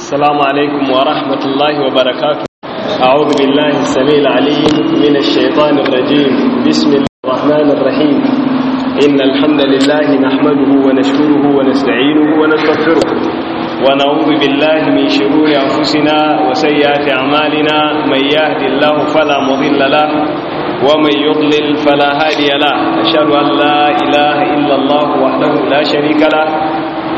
Assalamu alaikum wa rahmatullahi wa barakatuh. A'udhu billahi samil alim min ash-shaytanir rajim. Bismillahir rahmanir rahim. Innal hamdalillahi nahmaduhu wa nashkuruhu wa nasta'inuhu wa nastaghfiruh. Wa na'udhu billahi min shururi anfusina wa sayyiati a'malina. May yahdihillahu fala mudilla lahu wa may yudlil fala hadiya lahu. Ashhadu la ilaha illa Allah wahdahu la sharika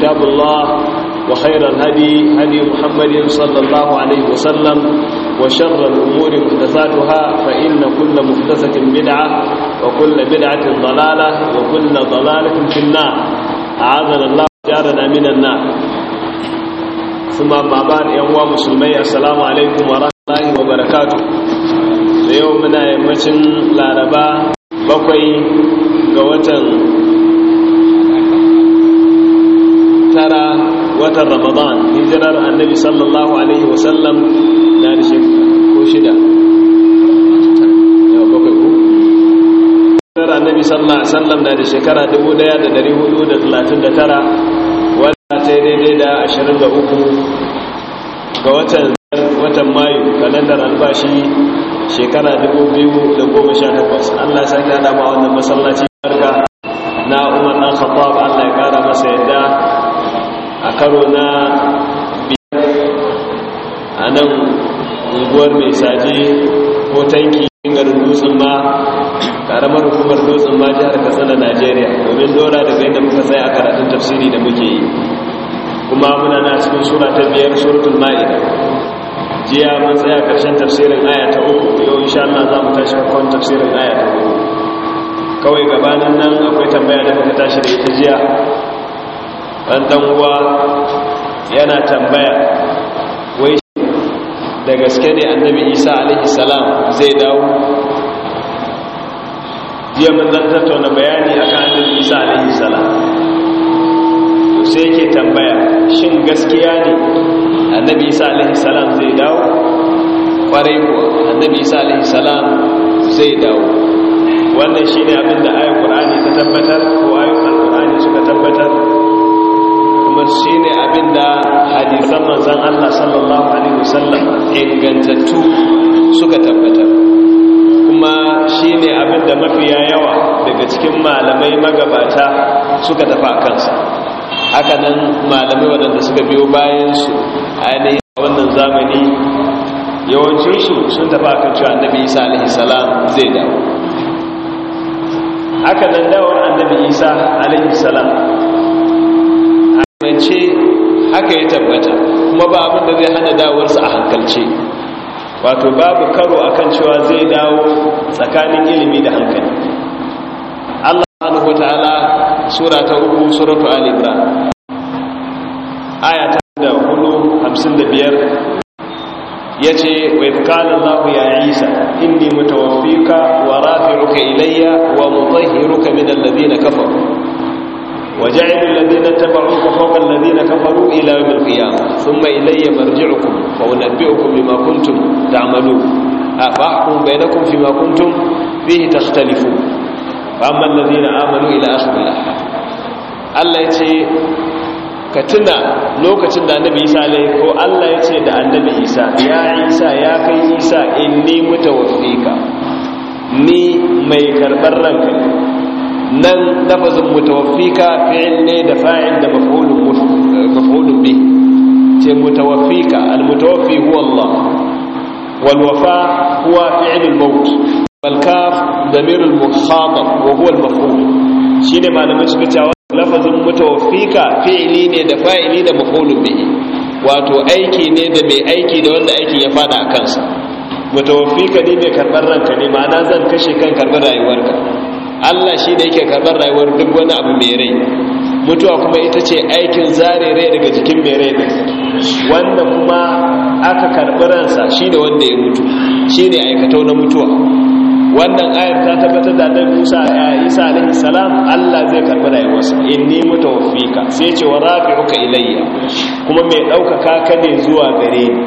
كتاب الله وخير الهدي هدي محمد صلى الله عليه وسلم وشر الأمور محدثاتها فإن كل محدثة بدعة وكل بدعة ضلالة وكل ضلالة في النار أعاذنا الله جارنا من النار ثم أما بعد يا مسلمي السلام عليكم ورحمة الله وبركاته يومنا يمتن لاربا بقي قوة tara watan ramadan hijirar annabi sallallahu alaihi wasallam na da ko shida yau bakwai ko hijirar annabi sallallahu alaihi wasallam na da shekara 1439 wata ta yi daidai da 23 ga watan watan mayu kalandar albashi shekara 2018 allah sake hada ma wannan masallaci barka na umar ɗan khattab allah ya ƙara masa yadda a karo na biyar a nan unguwar mai saji ko tanki garin dutsen ma ƙaramar hukumar dutsen ma jihar katsina najeriya domin dora daga da muka tsaye a karatun tafsiri da muke yi kuma muna na cikin sura ta biyar surutun ma'ida jiya mun tsaya karshen tafsirin aya ta uku yau insha Allah za mu tashi farkon tafsirin aya ta uku kawai gabanin nan akwai tambaya da muka tashi da ita jiya dan uwa yana tambaya wai da gaske ne annabi isa alaihissalam zai dawo jiya mun zan tattauna bayani akan annabi isa alaihissalam sai yake tambaya shin gaskiya ne annabi isa alaihissalam zai dawo kwarai kuwa annabi isa alaihissalam zai dawo wannan shi ne abinda ayin ƙur'ani ta tabbatar ko ayin alƙur'ani suka tabbatar kuma shi ne abinda hadisan manzan allah sallallahu alaihi wasallam ingantattu suka tabbatar kuma shi ne abinda mafiya yawa daga cikin malamai magabata suka tafi a kansa hakanan malamai waɗanda suka biyo bayansu a wannan zamani yawancinsu sun tafi a kan cewa annabi isa alaihi salam zai dawo haka nan dawar annabi isa alaihi salam a haka ya tabbata kuma ba abin da zai hana dawarsa a hankalce wato babu karo akan cewa zai dawo tsakanin ilimi da hankali Allah subhanahu wataala sura ta uku suratu al-imran aya ta 55 ya ce waifkanin lahu ya isa inni mutawaffika wa rafi'uka ilayya wa mutahiruka min alladhina kafaru wa ja'ilu alladhina tabi'uka fawqa alladhina kafaru ila yawm al-qiyamah thumma ilayya marji'ukum fa unabbi'ukum bima kuntum ta'malun afahkum bainakum fima kuntum fihi takhtalifun fa amma alladhina amanu ila akhir Allah ya ce ka tuna lokacin da annabi isa alai ko allah ya ce da annabi isa ya isa ya kai isa in ni mutawaffika ni mai karbar ranka nan lafazin mutawaffika fi'il ne da fa'il da eh, maf'ulun bi ce mutawaffika almutawaffi huwa Allah wal wafa huwa fi'il al-maut wal kaf damir al-mukhatab wa huwa al-maf'ul shine malamin suka lafazin mutawaffika fi'ili ne da fa'ili da mafulun bihi wato aiki ne da mai aiki da wanda aiki ya fada a kansa mutawaffika ne mai karɓar ranka ne ma'ana zan kashe kan karɓar rayuwarka Allah shi ne yake karɓar rayuwar duk wani abu mai rai mutuwa kuma ita ce aikin zare rai daga jikin mai rai wanda kuma aka karɓi ransa shi ne wanda ya mutu shi ne aikatau na mutuwa wannan ayar ta tabbatar da annabi Musa ya eh, Isa alaihi salam Allah zai karbi rayuwarsa inni mutawaffika sai ce wa rafi'uka ilayya kuma mai daukaka ka ne zuwa gare ni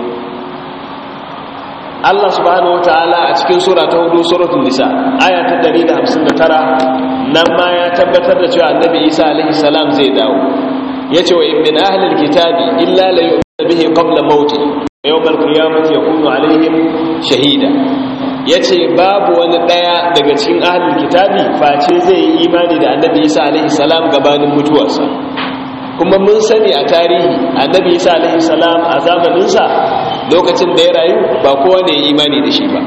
Allah subhanahu wataala a cikin sura ta hudu suratul nisa aya ta 159 nan ma ya tabbatar da cewa annabi Isa alaihi salam zai dawo yace wa ibn ahli alkitabi illa la yu'minu bihi qabla mawtihi yawm alqiyamati yakunu alaihim shahida ya ce babu wani ɗaya daga cikin ahalin kitabi face zai yi imani da annabi isa alaihi salam gabanin mutuwarsa kuma mun sani a tarihi annabi isa alaihi salam a zamaninsa lokacin da ya rayu ba kowa ne ya imani da shi ba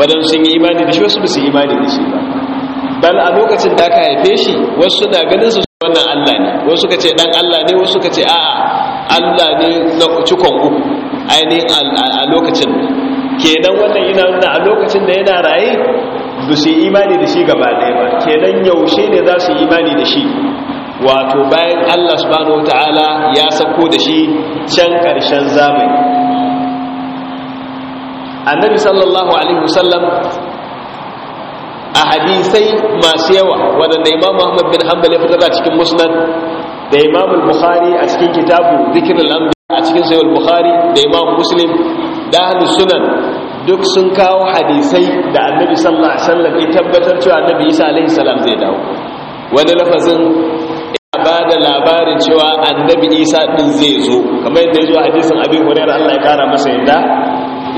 waɗansu sun yi imani da shi wasu ba su imani da shi ba bal a lokacin da aka haife shi wasu suna ganin su wannan allah ne wasu suka ce dan allah ne wasu suka ce a'a allah ne na cikon uku ainihin a lokacin kenan wannan ina nuna a lokacin da yana raye ba su yi imani da shi gaba ɗaya ba kenan yaushe ne za su yi imani da shi wato bayan Allah subhanahu ta'ala ya sako da shi can ƙarshen zamani annabi sallallahu alaihi wasallam a hadisai masu yawa waɗanda imam Muhammad bin hanbal ya fitar da cikin musnad da imam al-bukhari a cikin kitabu zikirin lambi a cikin al bukhari da imam muslim da ahlus sunan duk sun kawo hadisai da annabi sallallahu alaihi wasallam ya tabbatar cewa annabi Isa alaihi salam zai dawo wani lafazin ya ba da labarin cewa annabi Isa din zai zo kamar yadda ya zo hadisin abin Hurairah Allah ya kara masa yadda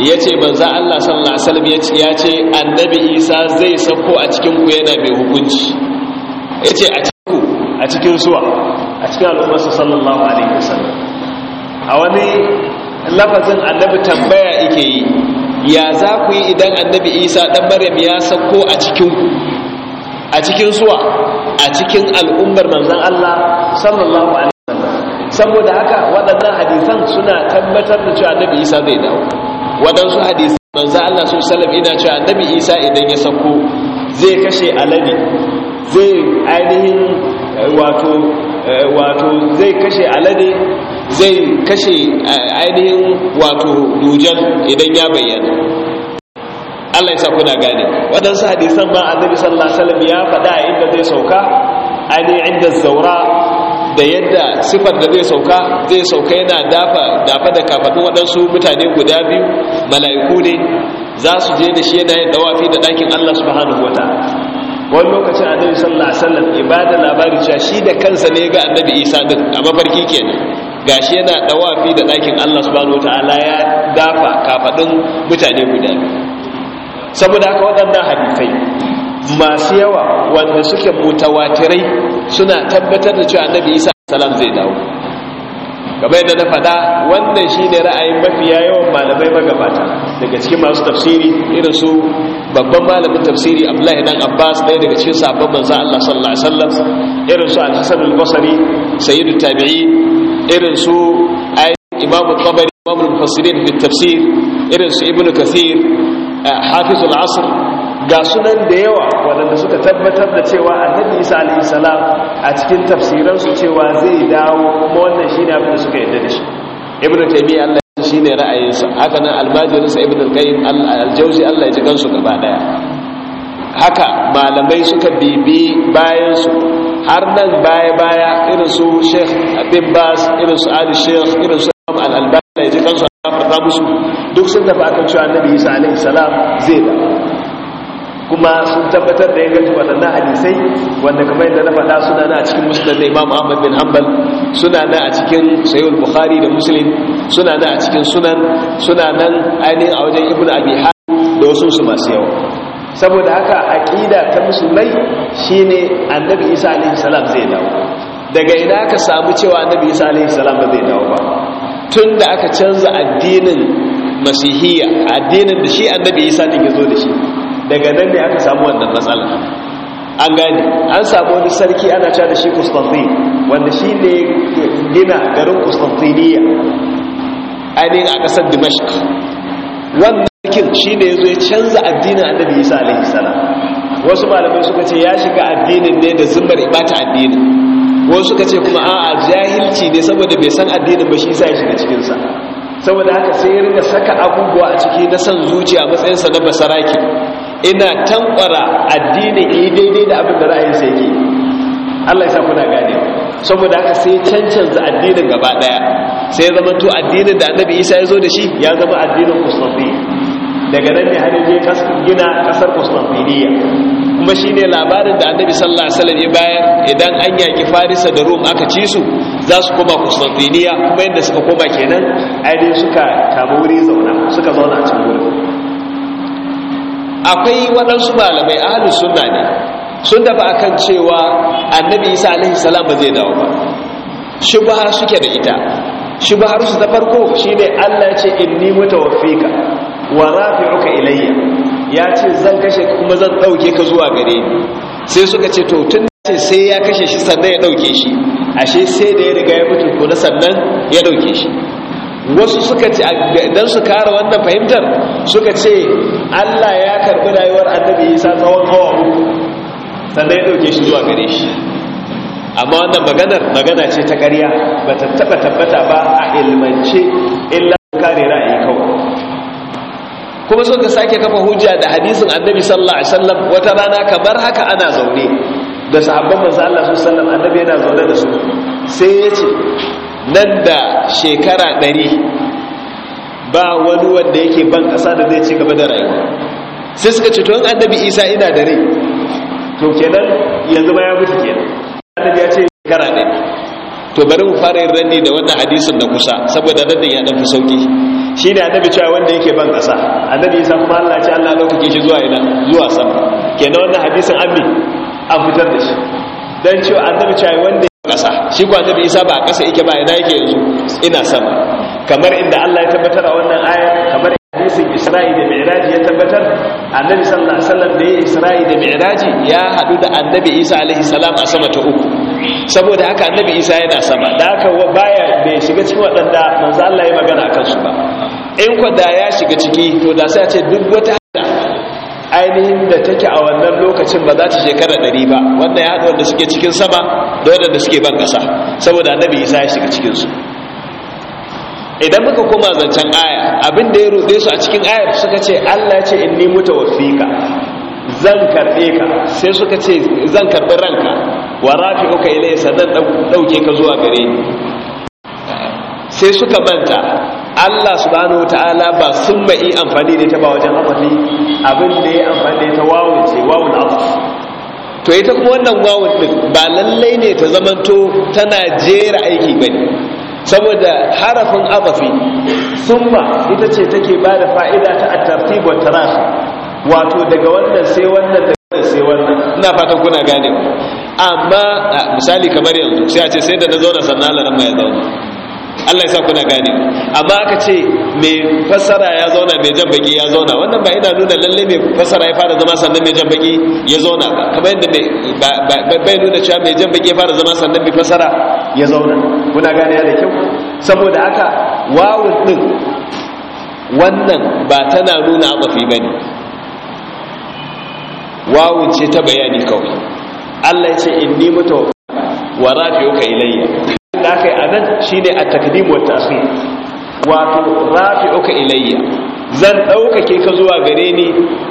ya ce manzo Allah sallallahu alaihi wasallam ya ce annabi Isa zai sako a cikin ku yana mai hukunci ya ce a cikin ku a cikin suwa a cikin al'ummarsa sallallahu alaihi wasallam a wani lafazin annabi tambaya ike yi ya za ku yi idan annabi isa dan maryam ya sako a cikin a cikin suwa a cikin al'ummar manzan Allah sallallahu alaihi wasallam saboda haka waɗannan hadisan suna tabbatar da cewa annabi isa zai dawo waɗansu hadisan manzan Allah sallallahu alaihi wasallam ina cewa annabi isa idan ya sako zai kashe alade zai ainihin eh, wato eh, wato zai kashe alade zai kashe ainihin wato dujan idan ya bayyana Allah ya sa kuna gane waɗansu hadisan ma annabi sallallahu alaihi wasallam ya faɗa a inda zai sauka ainihin inda zaura da yadda sifar da zai sauka zai sauka yana dafa dafa da kafatun waɗansu mutane guda biyu mala'iku ne za su je da shi yana yin dawafi da ɗakin Allah subhanahu wa wani lokacin annabi sallallahu alaihi wasallam ibada labari cewa shi da kansa ne ga annabi Isa din a mafarki kenan gashi yana dawafi da ɗakin Allah subhanahu wataala ya dafa kafadin mutane guda saboda haka waɗannan hadisai masu yawa wanda suke mutawatirai suna tabbatar da cewa annabi Isa salam zai dawo kamar yadda na faɗa wannan shi ne ra'ayin mafiya yawan malamai magabata daga cikin masu tafsiri irin su babban malamin tafsiri Abdullahi dan Abbas ɗaya daga cikin sabon manzo Allah sallallahu alaihi wasallam irin su Al-Hasan al-Basri sayyidu Tabi'i, irin su Imam al-Tabari Imam al-Mufassirin tafsir irin su Ibn Kathir eh, Hafiz al-Asr ga sunan da yawa waɗanda suka tabbatar da cewa annabi isa alaihissalam a cikin tafsiransu cewa zai dawo kuma wannan ne abin da suka yadda da shi Ibn taymiya Allah ya shi ne ra'ayinsa haka nan almajirinsa ibn al-qayyim al-jawzi Allah ya ji kansu gaba daya haka malamai suka bibi bayan su har nan baya baya irin su Sheikh Abin Bas irin su Ali Sheikh irin su Al-Albani ya ji kansu a farta musu duk sun tafi akan cewa annabi isa salam zai dawo kuma sun tabbatar da gaji waɗannan hadisai wanda kamar yadda na faɗa suna na a cikin musulun da imam ahmad bin hanbal suna na a cikin sayul bukhari da musulun suna na a cikin sunan suna nan ainihin a wajen ibn abi da wasu su masu yawa saboda haka aƙida ta musulmai shine annabi isa alaihi salam zai dawo daga ina aka samu cewa annabi isa alaihi salam ba zai dawo ba tun da aka canza addinin masihiya addinin da shi annabi isa ne ya zo da shi daga nan ne aka samu wannan matsala an gani an samu wani sarki ana cewa shi kustantin wanda shi ne gina garin kustantiniya ainihin a kasar Dimashik. wannan sarkin shi ne ya canza addinin annabi isa alaihi salam wasu malamai suka ce ya shiga addinin ne da zumbar ibata addinin wasu suka ce kuma a'a jahilci ne saboda bai san addinin ba shi sa ya shiga cikinsa saboda haka sai ya rinka saka abubuwa a ciki na san zuciya matsayinsa na basaraki ina tankwara addini yi daidai da abin da ra'ayinsa yake Allah ya sa kuna gane saboda haka sai cancanza addinin gaba daya sai ya zama to addinin da annabi isa ya zo da shi ya zama addinin musulmi daga nan ne hannun je gina kasar constantiniya kuma shine labarin da annabi sallallahu alaihi ya bayar idan an yaki farisa da rom aka ci su za su koma constantiniya kuma yadda suka koma kenan ainihin suka kama wuri zauna suka zauna a cikin wurin akwai waɗansu malamai a halin sunna ne sun dafa kan cewa annabi isa alaihi salam ba zai dawo ba shubha suke da ita har su ta farko shi ne Allah ce in ni inni mutawaffika wa uka ilayya ya ce zan kashe kuma zan ɗauke ka zuwa gare ni sai suka ce to tun ce sai ya kashe shi sannan ya ɗauke shi ashe sai da ya riga ya mutu ko na sannan ya ɗauke shi wasu suka ce dan su kare wannan fahimtar suka ce Allah ya karbi rayuwar annabi Isa tsawon hawa uku sannan ya dauke shi zuwa gare shi amma wannan maganar magana ce ta ƙarya ba ta taba tabbata ba a ilmance illa kare ra'ayi kawai kuma suka sake kafa hujja da hadisin annabi sallallahu alaihi wasallam wata rana kamar haka ana zaune da sahabban manzo Allah sallallahu alaihi annabi yana zaune da su sai ya ce nan da shekara ɗari ba wani wanda yake ban kasa da zai ci gaba da rayuwa sai suka ce to an annabi Isa ina da rai to kenan yanzu ba ya mutu kenan annabi ya ce shekara 100 to bari mu fara yin ranni da wannan hadisin da kusa saboda ranni ya dan fi sauki shi ne annabi cewa wanda yake ban kasa annabi Isa kuma Allah ya ce Allah ɗaukake shi zuwa ina zuwa sama kenan wannan hadisin annabi an fitar da shi dan cewa annabi cewa wanda ya kasa shi ko annabi isa ba a kasa yake ba ina yake yanzu ina sama kamar inda Allah ya tabbatar a wannan aya kamar hadisin Isra'i da Mi'raj ya tabbatar annabi sallallahu alaihi da ya Isra'i da Mi'raj ya hadu da annabi Isa alaihi salam a sama ta uku saboda haka annabi isa yana sama da haka baya bai shiga cikin waɗanda manzo Allah ya magana akan su ba in ko ya shiga ciki to da sai a ce duk wata ainihin da take a wannan lokacin ba za ta shekara ɗari ba wannan ya haɗa wanda suke cikin sama da waɗanda suke ban ƙasa saboda annabi isa ya shiga cikinsu idan muka koma zancen aya abin da ya ruɗe su a cikin ayar suka ce allah ce in ni mutu wafika zan karɓe ka sai suka ce zan karɓi ranka wa rafi uka ilai sadan ɗauke ka zuwa gare ni sai suka banta Allah subhanahu ta'ala ba sun ma'i amfani da ta ba wajen amfani abin da ya amfani da ta wawun ce wawun abu to ita kuma wannan wawun din ba lallai ne ta zamanto tana jera aiki ba ne saboda harafin abafi summa ita ce take ba da fa'ida ta attartib wata tarahi wato daga wannan sai wannan daga sai wannan ina fatan kuna gane amma misali kamar yanzu sai a ce sai da na zauna sannan lalama ya zaune Allah ya sa kuna gane amma aka ce mai fasara ya zauna mai jan baki ya zauna wannan ba ina nuna lalle mai fasara ya fara zama sannan mai jan baki ya zauna ba kamar yadda bai nuna cewa mai jan baki ya fara zama sannan mai fasara ya zauna kuna gane da kyau saboda aka, wawun din wannan ba tana nuna ba bane wawun ce ta bayani kawai Allah ya ce inni mutu wa rafi'uka ilayya da aka yi a nan shi ne a takadimu wato rafi'uka ilayya zan ɗaukake ka zuwa gare ni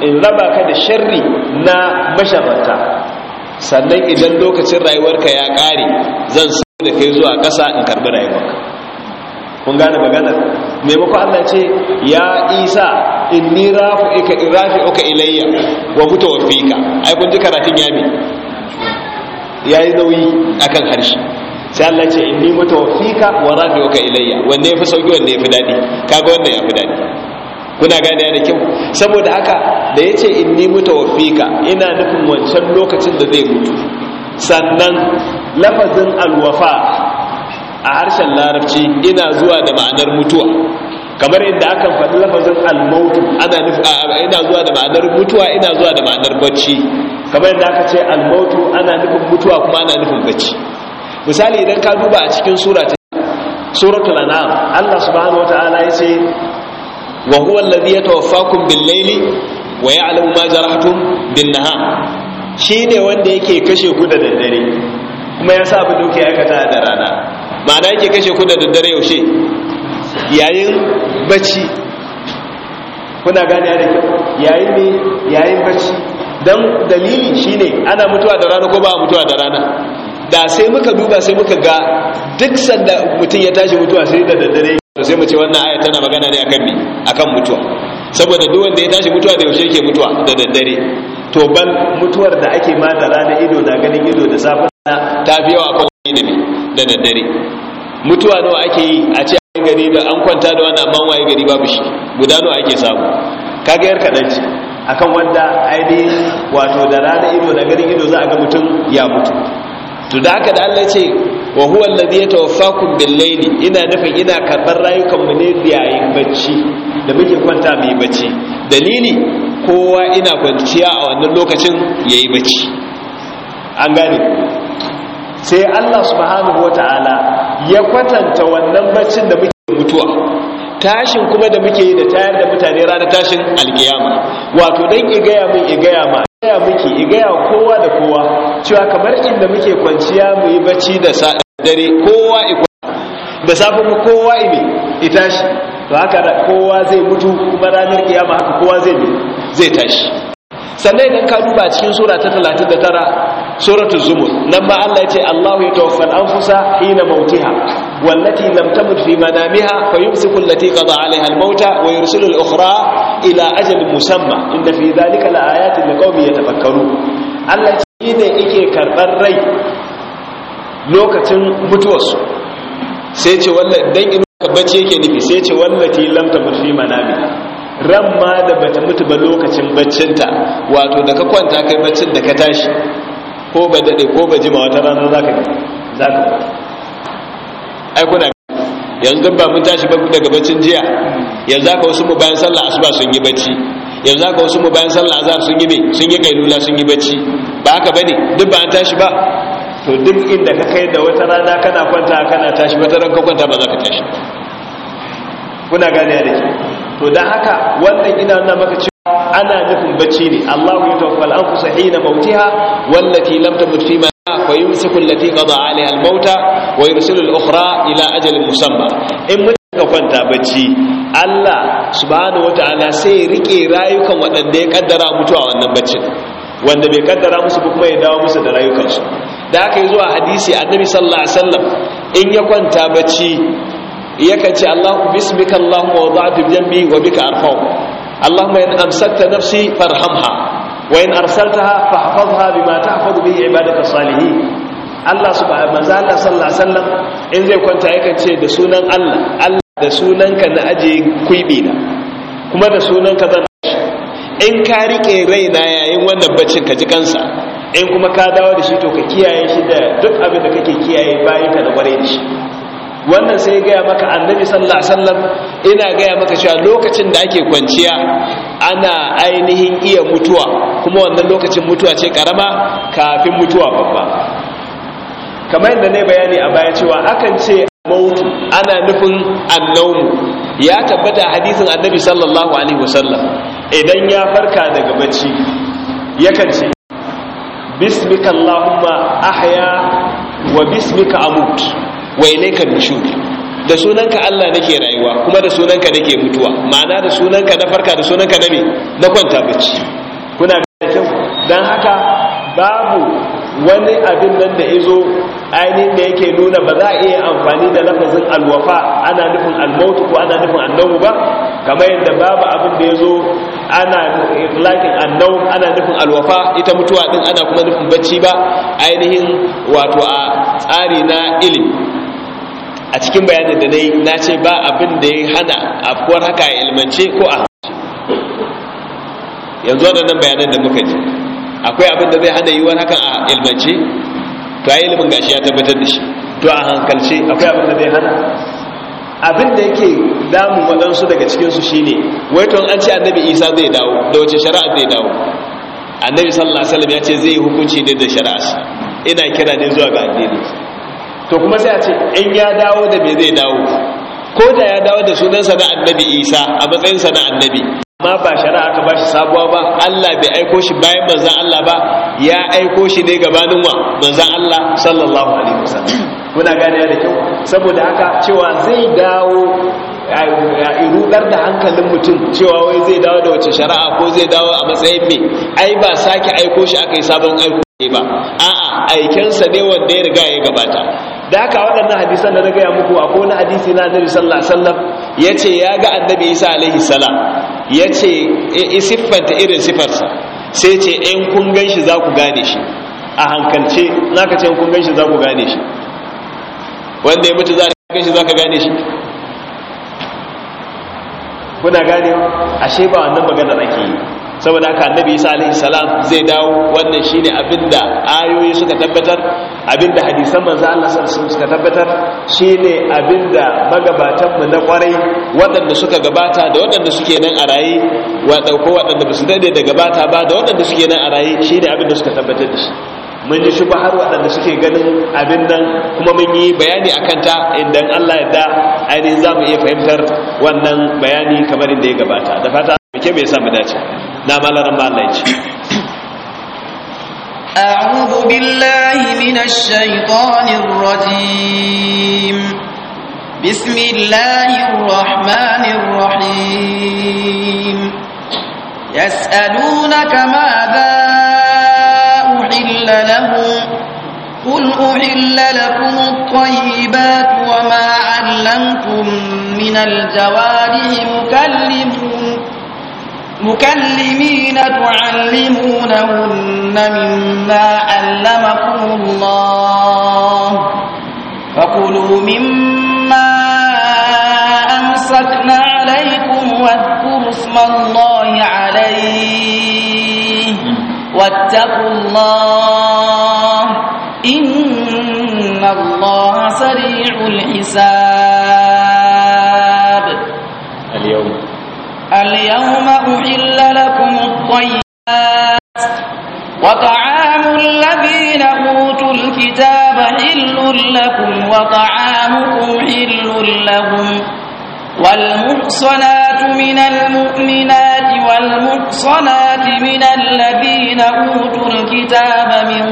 in raba ka da sharri na masharata sannan idan lokacin rayuwarka ya ƙare zan so da kai zuwa kasa in karbi rayuwarka kun gane magana maimako Allah ce ya isa inni rafi uka ilayya wa fika ai kun ji karatun yami yayi nauyi akan harshe sai Allah ce inni mutawaffika wa rabiuka ilayya wanne yafi sauki wanne yafi dadi kaga wanne yafi dadi kuna gane da kyau saboda haka da yace inni mutawaffika ina nufin wancan lokacin da zai mutu sannan lafazin alwafa a harshen larabci ina zuwa da ma'anar mutuwa kamar inda akan faɗi lafazin almautu ana nufi ina zuwa da ma'anar mutuwa ina zuwa da ma'anar bacci kamar inda aka ce almautu ana nufin mutuwa kuma ana nufin bacci misali idan ka duba a cikin sura ta suratul an'am Allah subhanahu wataala yace wa huwa alladhi yatawaffakum bil-layli wa ya'lamu ma jarahtum bin-nahar shine wanda yake kashe ku da daddare kuma ya sa abin da aikata da rana ma'ana yake kashe ku da daddare yaushe yayin bacci kuna gane da kyau yayin ne yayin bacci dan dalili shine ana mutuwa da rana ko ba mutuwa da rana da sai muka duba sai muka ga duk sanda mutum ya tashi mutuwa sai da daddare to sai mu ce wannan aya tana magana ne akan me akan mutuwa saboda duk wanda ya tashi mutuwa da yaushe yake mutuwa da daddare to ban mutuwar da ake ma da rana ido na ganin ido da na, ta fi yawa kan ne da da daddare mutuwa nawa ake yi a ce an gari da an kwanta da wannan amma waye gari babu shi guda nawa ake samu kaga yar kadan ce akan wanda ainihin wato da rana ido na ganin ido za a ga mutum ya mutu to da haka da Allah ce wa huwa allazi yatawaffakum bil-layli ina nufin ina karbar rayukan mu ne yayin bacci da muke kwanta mu yi bacci dalili kowa ina kwanciya a wannan lokacin yayi bacci an gane sai Allah subhanahu wataala ya kwatanta wannan baccin da muke mutuwa tashin kuma da muke yi da tayar da mutane ranar tashin alkiyama wato dan igaya mun igaya ma gaya muke igaya kowa da kowa cewa kamar inda muke kwanciya mu yi bacci da dare kowa da safe mu kowa ibe tashi, to haka da kowa zai mutu kuma ranar kiyama haka kowa zai zai tashi sannan idan ka duba cikin sura ta 39 suratul zumur nan ma Allah ya ce Allahu yatawaffal anfusa hina mautiha wallati lam tamut fi manamiha fayumsiku allati qada 'alayha al-mauta wa yursilu al-ukhra ila ajalin musamma inda fi dhalika laayatin liqaumin yatafakkarun Allah shi ne yake karbar rai lokacin mutuwarsu sai ce wallahi dan in bacci yake nufi sai ce wallati lam tamut fi manamiha ran ma da bata mutu ba lokacin baccinta wato da ka kwanta kai baccin da ka tashi ko ba daɗe ko ba jima wata rana za ka za ka ai kuna yanzu ba mun tashi daga bacin jiya yanzu ka wasu mu bayan sallah asuba sun yi bacci yanzu ka wasu mu bayan sallah azhar sun yi me sun yi kailula sun yi bacci ba haka bane duk ba an tashi ba to duk inda ka kai da wata rana kana kwanta kana tashi wata ran ka kwanta ba za ka tashi kuna gane da ke to dan haka wannan ina nuna maka ana nufin bacci ne Allahu yutawaffa al-anfusa hina mautiha wallati lam tamut fi ma fayumsiku allati qada 'alayha al-mauta wa yursilu al-ukhra ila ajalin musamma in mutum ka kwanta bacci Allah subhanahu wata'ala sai rike rayukan waɗanda ya kaddara mutuwa wannan baccin wanda bai kaddara musu kuma ya dawo musu da rayukansu da aka yi zuwa hadisi annabi sallallahu alaihi wasallam in ya kwanta bacci yakan ce Allah bismika Allahumma wada'tu jambi wa bika arfa'u Allahumma in amsakta nafsi farhamha wa in arsaltaha fahfazha bima tahfazu bihi ibadaka salihin Allah subhanahu manzala sallallahu alaihi wasallam in zai kwanta yakan ce da sunan Allah Allah da sunanka na aje kuibi na kuma da sunanka zan in ka rike raina yayin wannan baccin ka ji kansa in kuma ka dawo da shi to ka kiyaye shi da duk abin da kake kiyaye bayan ka da kware da shi wannan sai gaya maka annabi sallallahu alaihi wasallam ina gaya maka cewa lokacin da ake kwanciya ana ainihin iya mutuwa kuma wannan lokacin mutuwa ce karama kafin mutuwa babba kamar yadda ne bayani a baya cewa akan ce mautu ana nufin annaumu ya tabbata hadisin annabi sallallahu alaihi wasallam idan ya farka daga bacci yakan ce bismika allahumma ahya wa bismika amut ne ka nushur da sunanka Allah nake rayuwa kuma da sunanka nake mutuwa ma'ana da sunanka na farka da sunanka na me na kwanta bacci kuna ga kyau dan haka babu wani abin nan da yazo ainihin da yake nuna ba za a iya amfani da lafazin alwafa ana nufin almautu ko ana nufin annabu ba kamar yadda babu abin da ya ana lakin annau ana nufin alwafa ita mutuwa din ana kuma nufin bacci ba ainihin wato a tsari na ilimi a cikin bayanin da na yi na ce ba abin da ya hana afkuwar haka a ilmance ko a yanzu waɗannan bayanan da muka ji akwai abin da zai hana yiwuwar haka a ilmance to a ilimin gashi ya tabbatar da shi to a hankalce akwai abin da zai hana abin da yake damun waɗansu daga cikinsu shi wai to an ce annabi isa zai dawo da wace shari'a zai dawo annabi sallallahu alaihi wasallam ya ce zai yi hukunci ne da shari'a ina kira ne zuwa ga addini to kuma sai a ce in ya dawo da me zai dawo ko da ya dawo da sunansa na annabi isa a matsayinsa na annabi amma ba shari'a aka bashi sabuwa ba Allah bai aiko shi bayan manzan Allah ba ya aiko shi ne gabanin wa manzan Allah sallallahu alaihi wasallam kuna gane da kyau saboda haka cewa zai dawo ya rudar da hankalin mutum cewa wai zai dawo da wace shari'a ko zai dawo a matsayin me ai ba sake aiko shi aka yi sabon aiko ba a'a aikensa ne wanda ya riga ya gabata da haka waɗannan hadisan da na gaya muku akwai wani hadisi na annabi sallallahu alaihi wasallam yace ya ga annabi isa alaihi salam yace isiffanta irin sifarsa sai ce in kun ganshi za ku gane shi a hankalce zaka ce in kun ganshi za ku gane shi wanda ya mutu za ka ganshi za ka gane shi kuna gane ashe ba wannan maganar ake yi saboda haka annabi isa alaihi salam zai dawo wannan shine abinda ayoyi suka tabbatar abinda hadisan manzo Allah sallallahu alaihi suka tabbatar shine abinda magabatan mu na kwarai waɗanda suka gabata da waɗanda suke nan a raye wa dauko ba su dade da gabata ba da waɗanda suke nan a raye shine abinda suka tabbatar da shi mun ji shubha har waɗanda suke ganin abin nan kuma mun yi bayani a kanta idan Allah ya da ainihin za mu iya fahimtar wannan bayani kamar inda ya gabata da fata muke mai sa mu dace نعم الله أعوذ بالله من الشيطان الرجيم بسم الله الرحمن الرحيم يسألونك ماذا أحل لهم قل أحل لكم الطيبات وما علمتم من الجوارح مكلمون مكلمين تعلمونهن مما علمكم الله فكلوا مما أمسكنا عليكم واذكروا اسم الله عليه واتقوا الله إن الله سريع الحساب اليوم أحل لكم الطيبات وطعام الذين أوتوا الكتاب حل لكم وطعامكم حل لهم والمحصنات من المؤمنات والمحصنات من الذين أوتوا الكتاب من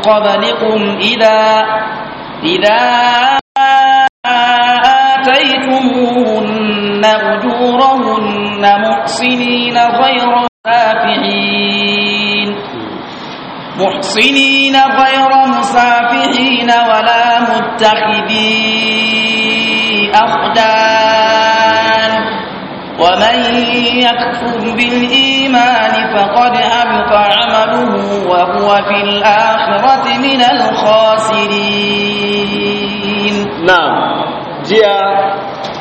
قبلكم إذا إذا آتيتموهن أجورهم كن محسنين غير مسافحين محسنين غير مسافحين ولا متخذي أخدان ومن يكفر بالإيمان فقد أبقى عمله وهو في الآخرة من الخاسرين نعم جيا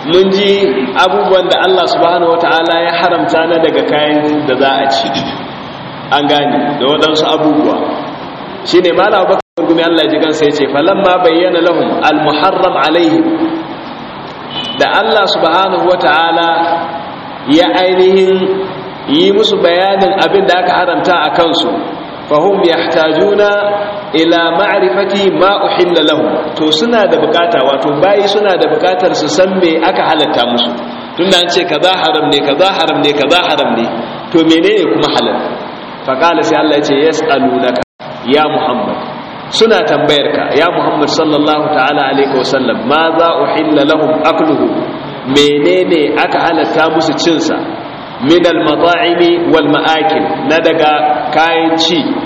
mun ji abubuwan da Allah subhanahu wata'ala ya haramta na daga kayan da za a ci an gane da waɗansu abubuwa shi ne ma na da gumi Allah ji gansa ya ce falamma bayyana lahum al-muharram alaihi da Allah subhanahu wata'ala ya ainihin yi musu bayanin abin da aka haramta a kansu Fahim fahum yahtajuna ila ma'rifati ma uhilla lahum to suna da bukata wato bayi suna da bukatar su san me aka halatta musu tun da an ce kaza haram ne kaza haram ne kaza haram ne to menene kuma halar? fa qala sai Allah ya ce yas'alunaka ya muhammad suna tambayar ka ya muhammad sallallahu ta'ala alaihi wasallam ma za uhilla lahum akluhu menene aka halatta musu cinsa min al-mata'imi wal ma'akil na daga kayan ci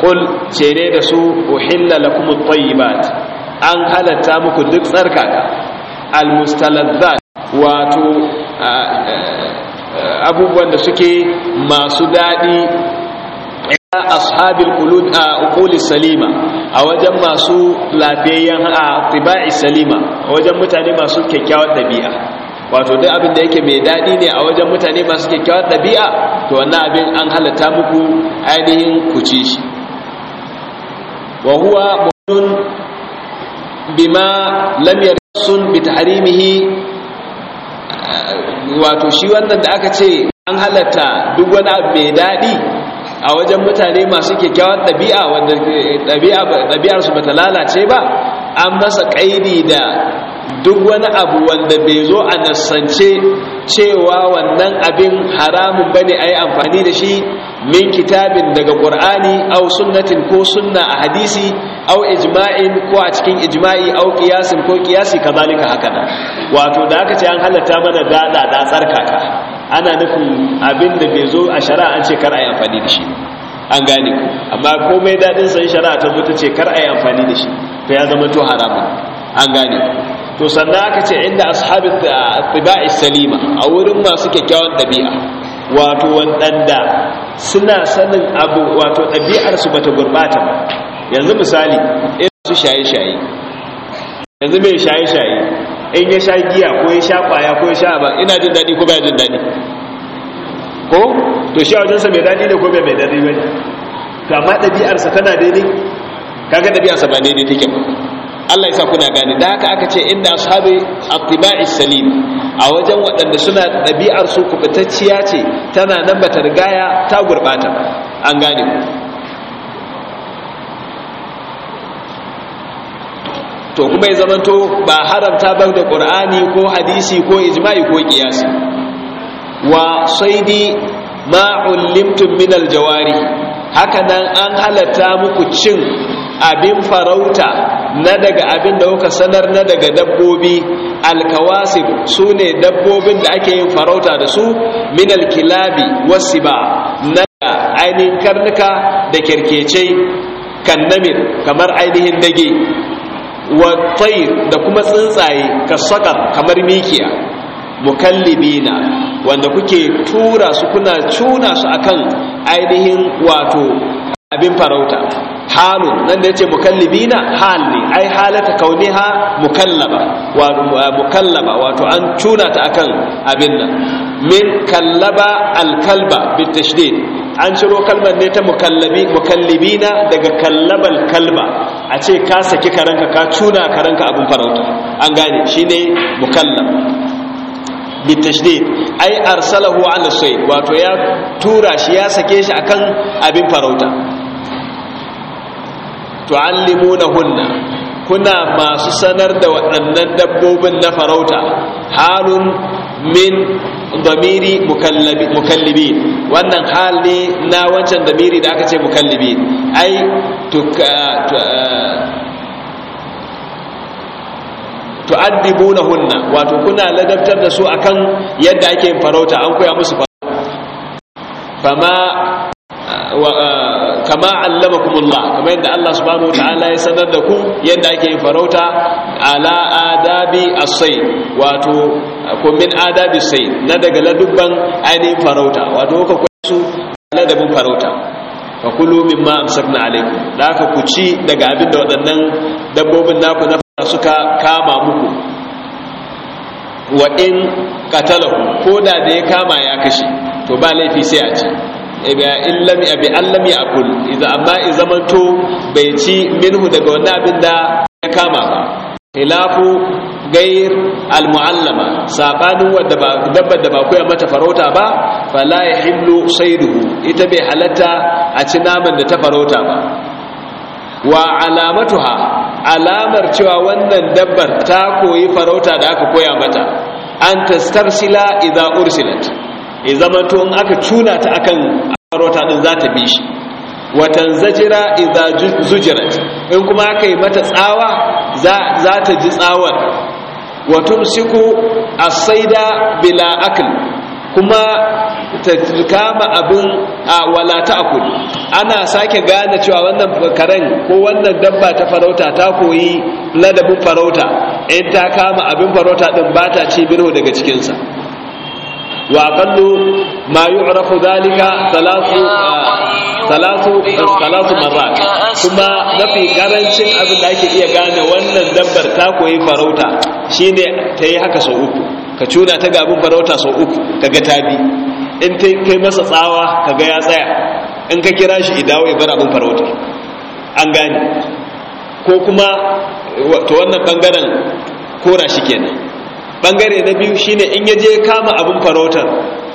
qul ce ne da su uhilla lakum at-tayyibat an halatta muku duk tsarkaka al-mustalazzat wato abubuwan da suke masu dadi ya ashabil qulub a uquli salima a wajen masu lafiyayyen a tibai salima a wajen mutane masu kyakkyawar dabi'a wato duk abin da yake mai daɗi ne a wajen mutane masu kyakkyawar dabi'a to wannan abin an halatta muku ainihin ku shi wa huwa bima lam yarsun bi wato shi wannan da aka ce an halatta duk wani abu mai daɗi a wajen mutane masu kyakkyawar ɗabi'a wanda ɗabi'arsu ba ta lalace ba an masa ƙaidi da duk wani abu wanda bai zo a nassance cewa wannan abin haramun bane a yi amfani da shi min kitabin daga ƙur'ani au sunnatin ko sunna a hadisi au ijma'in ko a cikin ijma'i au kiyasin ko kiyasi kazalika haka da. wato da aka ce an halatta mana dada da tsarkaka ana nufin abin da bai zo a shari'a an ce kar a yi amfani da shi an gane ku amma komai daɗin san shari'a ta zo ta ce kar a yi amfani da shi to ya zama to haramun an gane ku to sannan aka ce inda ashabi tibai salima a wurin masu kyakkyawan ɗabi'a wato waɗanda suna sanin abu wato ɗabi'arsu bata gurɓata ba yanzu misali irin su shaye-shaye yanzu mai shaye-shaye in ya sha giya ko ya sha kwaya ko ya sha ba ina jin daɗi ko ba jin daɗi ko to shi a wajensa mai daɗi ne ko bai mai daɗi ba ne to amma ɗabi'arsa tana daidai kaga ɗabi'arsa ba daidai take ba Allah ya sa kuna gane da haka aka ce inda ashabi atiba'i salim a wajen waɗanda suna ɗabi'ar su kubutacciya ce tana nan bata rigaya ta gurbata an gane to kuma ya zamanto ba haramta ba da qur'ani ko hadisi ko ijma'i ko qiyasi wa saidi ma ullimtum min aljawari haka nan an halatta muku cin abin farauta na daga abin da kuka sanar na daga dabbobi alkawasib su ne dabbobin da ake yin farauta da su min alkilabi wasiba na ainihin karnuka da kirkece kan namir kamar ainihin dage wa da kuma tsuntsaye ka kamar mikiya mukallibina wanda kuke tura su kuna cuna su akan ainihin wato abin farauta halun nan da yace mukallibina hal ne ai halata kauniha mukallaba wa mukallaba wato an cuna ta akan abin nan min kallaba alkalba bitashdid an ciro kalmar ne ta mukallabi mukallibina daga kallabal kalba a ce ka saki karanka ka cuna karanka abin farauta an gane shine mukallab bitashdid ai arsalahu ala wato ya tura shi ya sake shi akan abin farauta tu'allimunahunna kuna masu sanar da waɗannan dabbobin na farauta halun min damiri mukallibi wannan hal ne na wancan damiri da aka ce mukallibi ai tu'addibunahunna wato kuna ladabtar da su akan yadda ake farauta an koya musu fama kama allamakumullah kamar yadda Allah subhanahu wataala ya sanar da ku yadda ake farauta ala adabi as-sayd wato ku min adabi as-sayd na daga ladubban ainihin farauta wato ka koya su ladabin farauta fa kulu mimma amsakna alaykum da ka ku ci daga abin da waɗannan dabbobin naku na suka kama muku wa in qatalahu ko da da ya kama ya kashe to ba laifi sai a ci abi allam yaqul idza amma izamanto bai ci minhu daga wannan abin da ya kama ba khilafu gair almuallama sabanin wadda ba dabbar da ba koya mata farauta ba fala yahillu sayduhu ita bai halatta a ci naman da ta farauta ba wa alamatuha alamar cewa wannan dabbar ta koyi farauta da aka koya mata an tastarsila idza ursilat e in aka tuna ta akan farauta din za ta bi shi wa tanzajira idza zujirat in kuma aka yi mata tsawa za ta ji tsawar wa tumsiku as-saida bila akl kuma ta kama abin a walata a kudu ana sake gane cewa wannan karen ko wannan dabba ta farauta ta koyi ladabin farauta in ta kama abin farauta din ba ta ci birho daga cikinsa wa kallo ma yi urafu zalika salatu marat kuma mafi karancin abin da ake iya gane wannan dabbar ta koyi farauta shi ne ta yi haka sau uku ka cuna ta ga abin farauta sau uku ka ta bi in ta kai masa tsawa kaga ya tsaya in ka kira shi idawo ya bar abin farauta an gane ko kuma to wannan bangaren kora shi kenan bangare na biyu shine in ya je kama abin farautar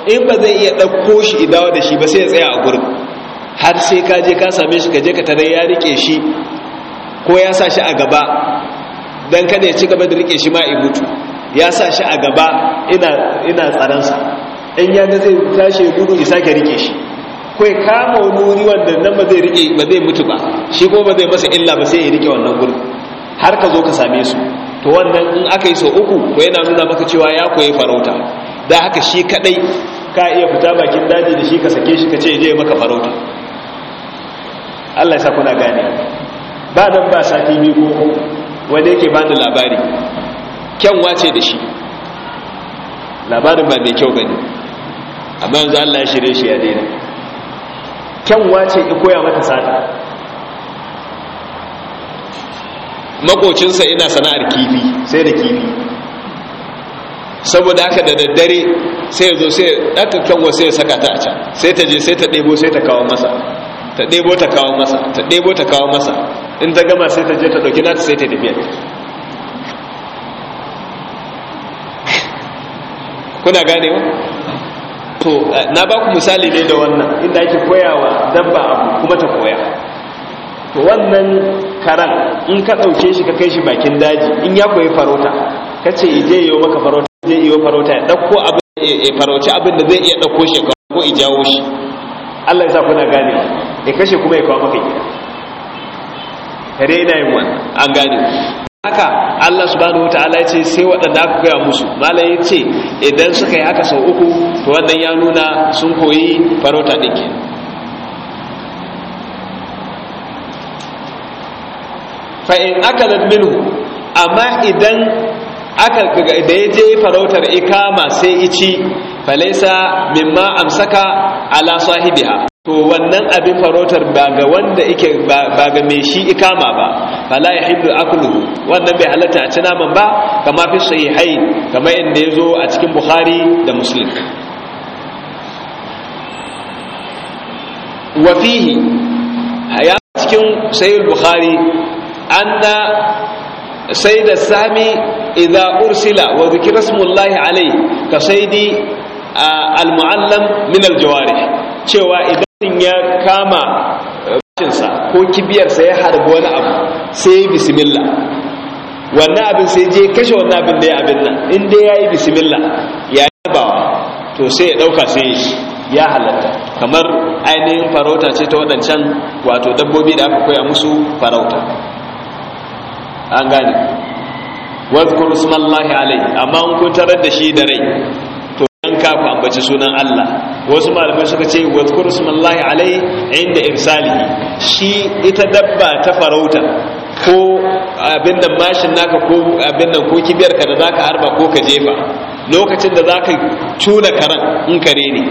in ba zai iya ɗauko shi idawa da shi ba sai ya tsaya a gurin har sai ka je ka same shi ka je ka tare ya rike shi ko ya sa shi a gaba don kada ya ci gaba da rike shi ma mutu ya sa shi a gaba ina tsaransa in ya zai tashi gudu isa sake rike shi kai kama wani wuri wanda nan ba zai rike ba zai mutu ba shi ko ba zai masa illa ba sai ya rike wannan gudu? har ka zo ka same su to wannan in aka yi sau uku ko yana nuna maka cewa ya koyi farauta da haka shi kadai ka iya fita bakin daji da shi ka sake shi ka ce je maka farauta Allah ya sa kuna gane ba nan ba sati biyu ko wanda yake bani labari kyanwa ce da shi labarin ba mai kyau ba ne amma yanzu allah ya shirye shi ya daina kyanwa ce ya koya mata sata makocinsa ina sana'ar kifi sai da kifi saboda haka da daddare sai ya zo sai aka kyanwa sai ya saka ta a can sai ta je sai ta ɗebo sai ta kawo masa ta ɗebo ta kawo masa ta ɗebo ta kawo masa in ta gama sai ta je ta ɗauki nata sai ta tafiya kuna wa? to eh, na ba ku misali ne da wannan inda ake koyawa dabba abu kuma ta koya to wannan karan in ka dauke shi ka kai shi bakin daji in ya koyi farauta ka ce ije yiwo maka farauta ije yiwo farauta ya dauko abin ya farauci abin da zai iya dauko shi ko jawo shi Allah ya sa kuna gane ya kashe kuma ya kawo maka gida kare na yin wannan an gane haka Allah subhanahu wataala ya ce sai waɗanda aka koya musu malam ya ce idan suka yi haka sau uku to wannan ya nuna sun koyi farauta ɗin ke fa'in aka minhu amma idan aka da ya je farautar ikama sai ici falaisa mimma amsaka ala sahibiha to wannan abin farautar ba ga wanda yake ba ga mai shi ikama ba fala yahillu akluhu wannan bai halatta a ci naman ba kama fi sahihai kama inda yazo a cikin bukhari da muslim wa fihi ya cikin sahih bukhari anna sayyid sami idza ursila wa dhikra smullahi alayhi ka sayyidi al-muallam min al-jawarih cewa mutum ya kama bashinsa eh, ko kibiyarsa ya harbi wani abu sai ya bismillah wannan abin sai je kashe wannan abin da ya abin nan in dai ya yi bismillah ya yi bawa to sai ya ɗauka sai ya ya halatta kamar ainihin farauta ce ta waɗancan wato dabbobi da aka koya musu farauta an gane wadda kuma lahi alai amma kun tarar da shi da rai Ka ku ambaci sunan Allah wasu malamai suka ce wadhkuru smallahi alai inda irsalihi shi ita dabba ta farauta ko abin da mashin naka ko abin nan ko kibiyar ka da zaka harba ko ka jefa lokacin da zaka tuna karan in kare ne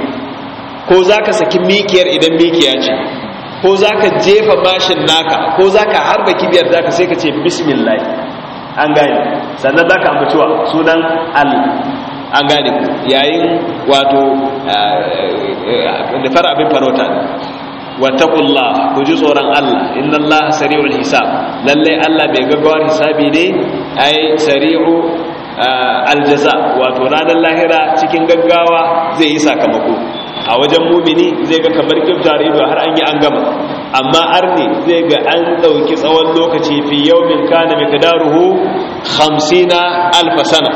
ko zaka saki mikiyar idan mikiya ce ko zaka jefa mashin naka ko zaka harba kibiyar zaka sai ka ce bismillah an gane sannan zaka wa sunan Allah an gane yayin wato eh, eh, da fara abin farauta ne ku ji tsoron Allah inna Allah sari'ul hisab lalle Allah bai gaggawar hisabi ne ai sari'u eh, aljaza wato ranar lahira cikin gaggawa zai yi sakamako a wajen mumini zai ga kamar kiftar ido har an yi an gama amma arni zai ga an ɗauki tsawon lokaci fi yawmin kana miqdaruhu 50 alf sana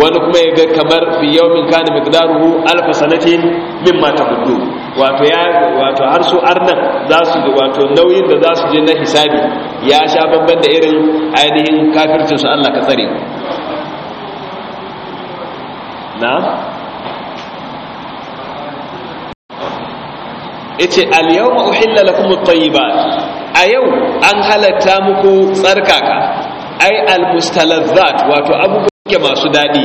wani kuma ya ga kamar fi yawmin kana miqdaruhu alf sanatin mimma tabuddu wato ya wato har su arnan za su ga wato nauyin da za su je na hisabi ya sha babban da irin ainihin kafircin su Allah ka tsare na yace al-yawma uhilla lakum at a yau an halatta muku tsarkaka ai al-mustalazzat wato abubuwa ke masu dadi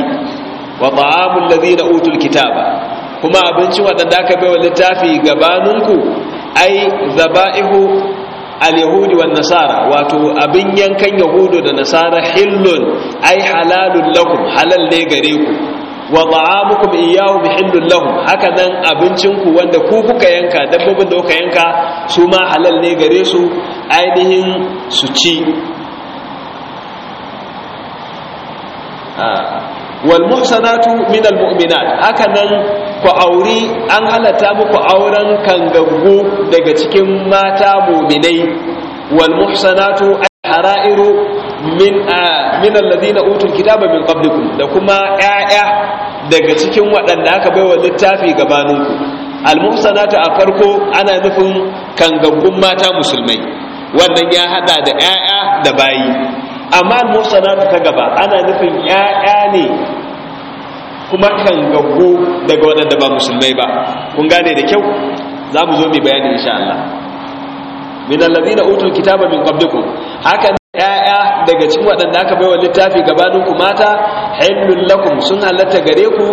wa ta'amul ladina utul kitaba kuma abinci waɗanda aka wa littafi gabaninku ai zaba'ihu al-yahudi wan nasara wato abin yankan yahudu da nasara hillun ai halalun lakum halal ne gare ku wa ta'amukum iyyahu bihillul lahum haka nan abincinku wanda ku kuka yanka dabbobin da kuka yanka su ma halal ne gare su ainihin su ci ah. wal muhsanatu min al mu'minat haka nan ku auri an halatta muku auren kangagu daga cikin mata mu'minai wal muhsanatu al hara'iru min min alladhina utul kitaba min qablikum da kuma ƴaƴa daga cikin waɗanda aka baiwa littafi gabaninku almuhsanatu a farko ana nufin kangangun mata musulmai wannan ya hada da ƴaƴa da bayi amma almuhsanatu ta gaba ana nufin ƴaƴa ne kuma kangaggu daga waɗanda ba musulmai ba kun gane da kyau zamu zo mu bayani insha Allah min allazina utul kitaba min qablikum haka ya'ya daga cikin waɗanda aka baiwa littafi gabanin ku mata hillul lakum sun halatta gare ku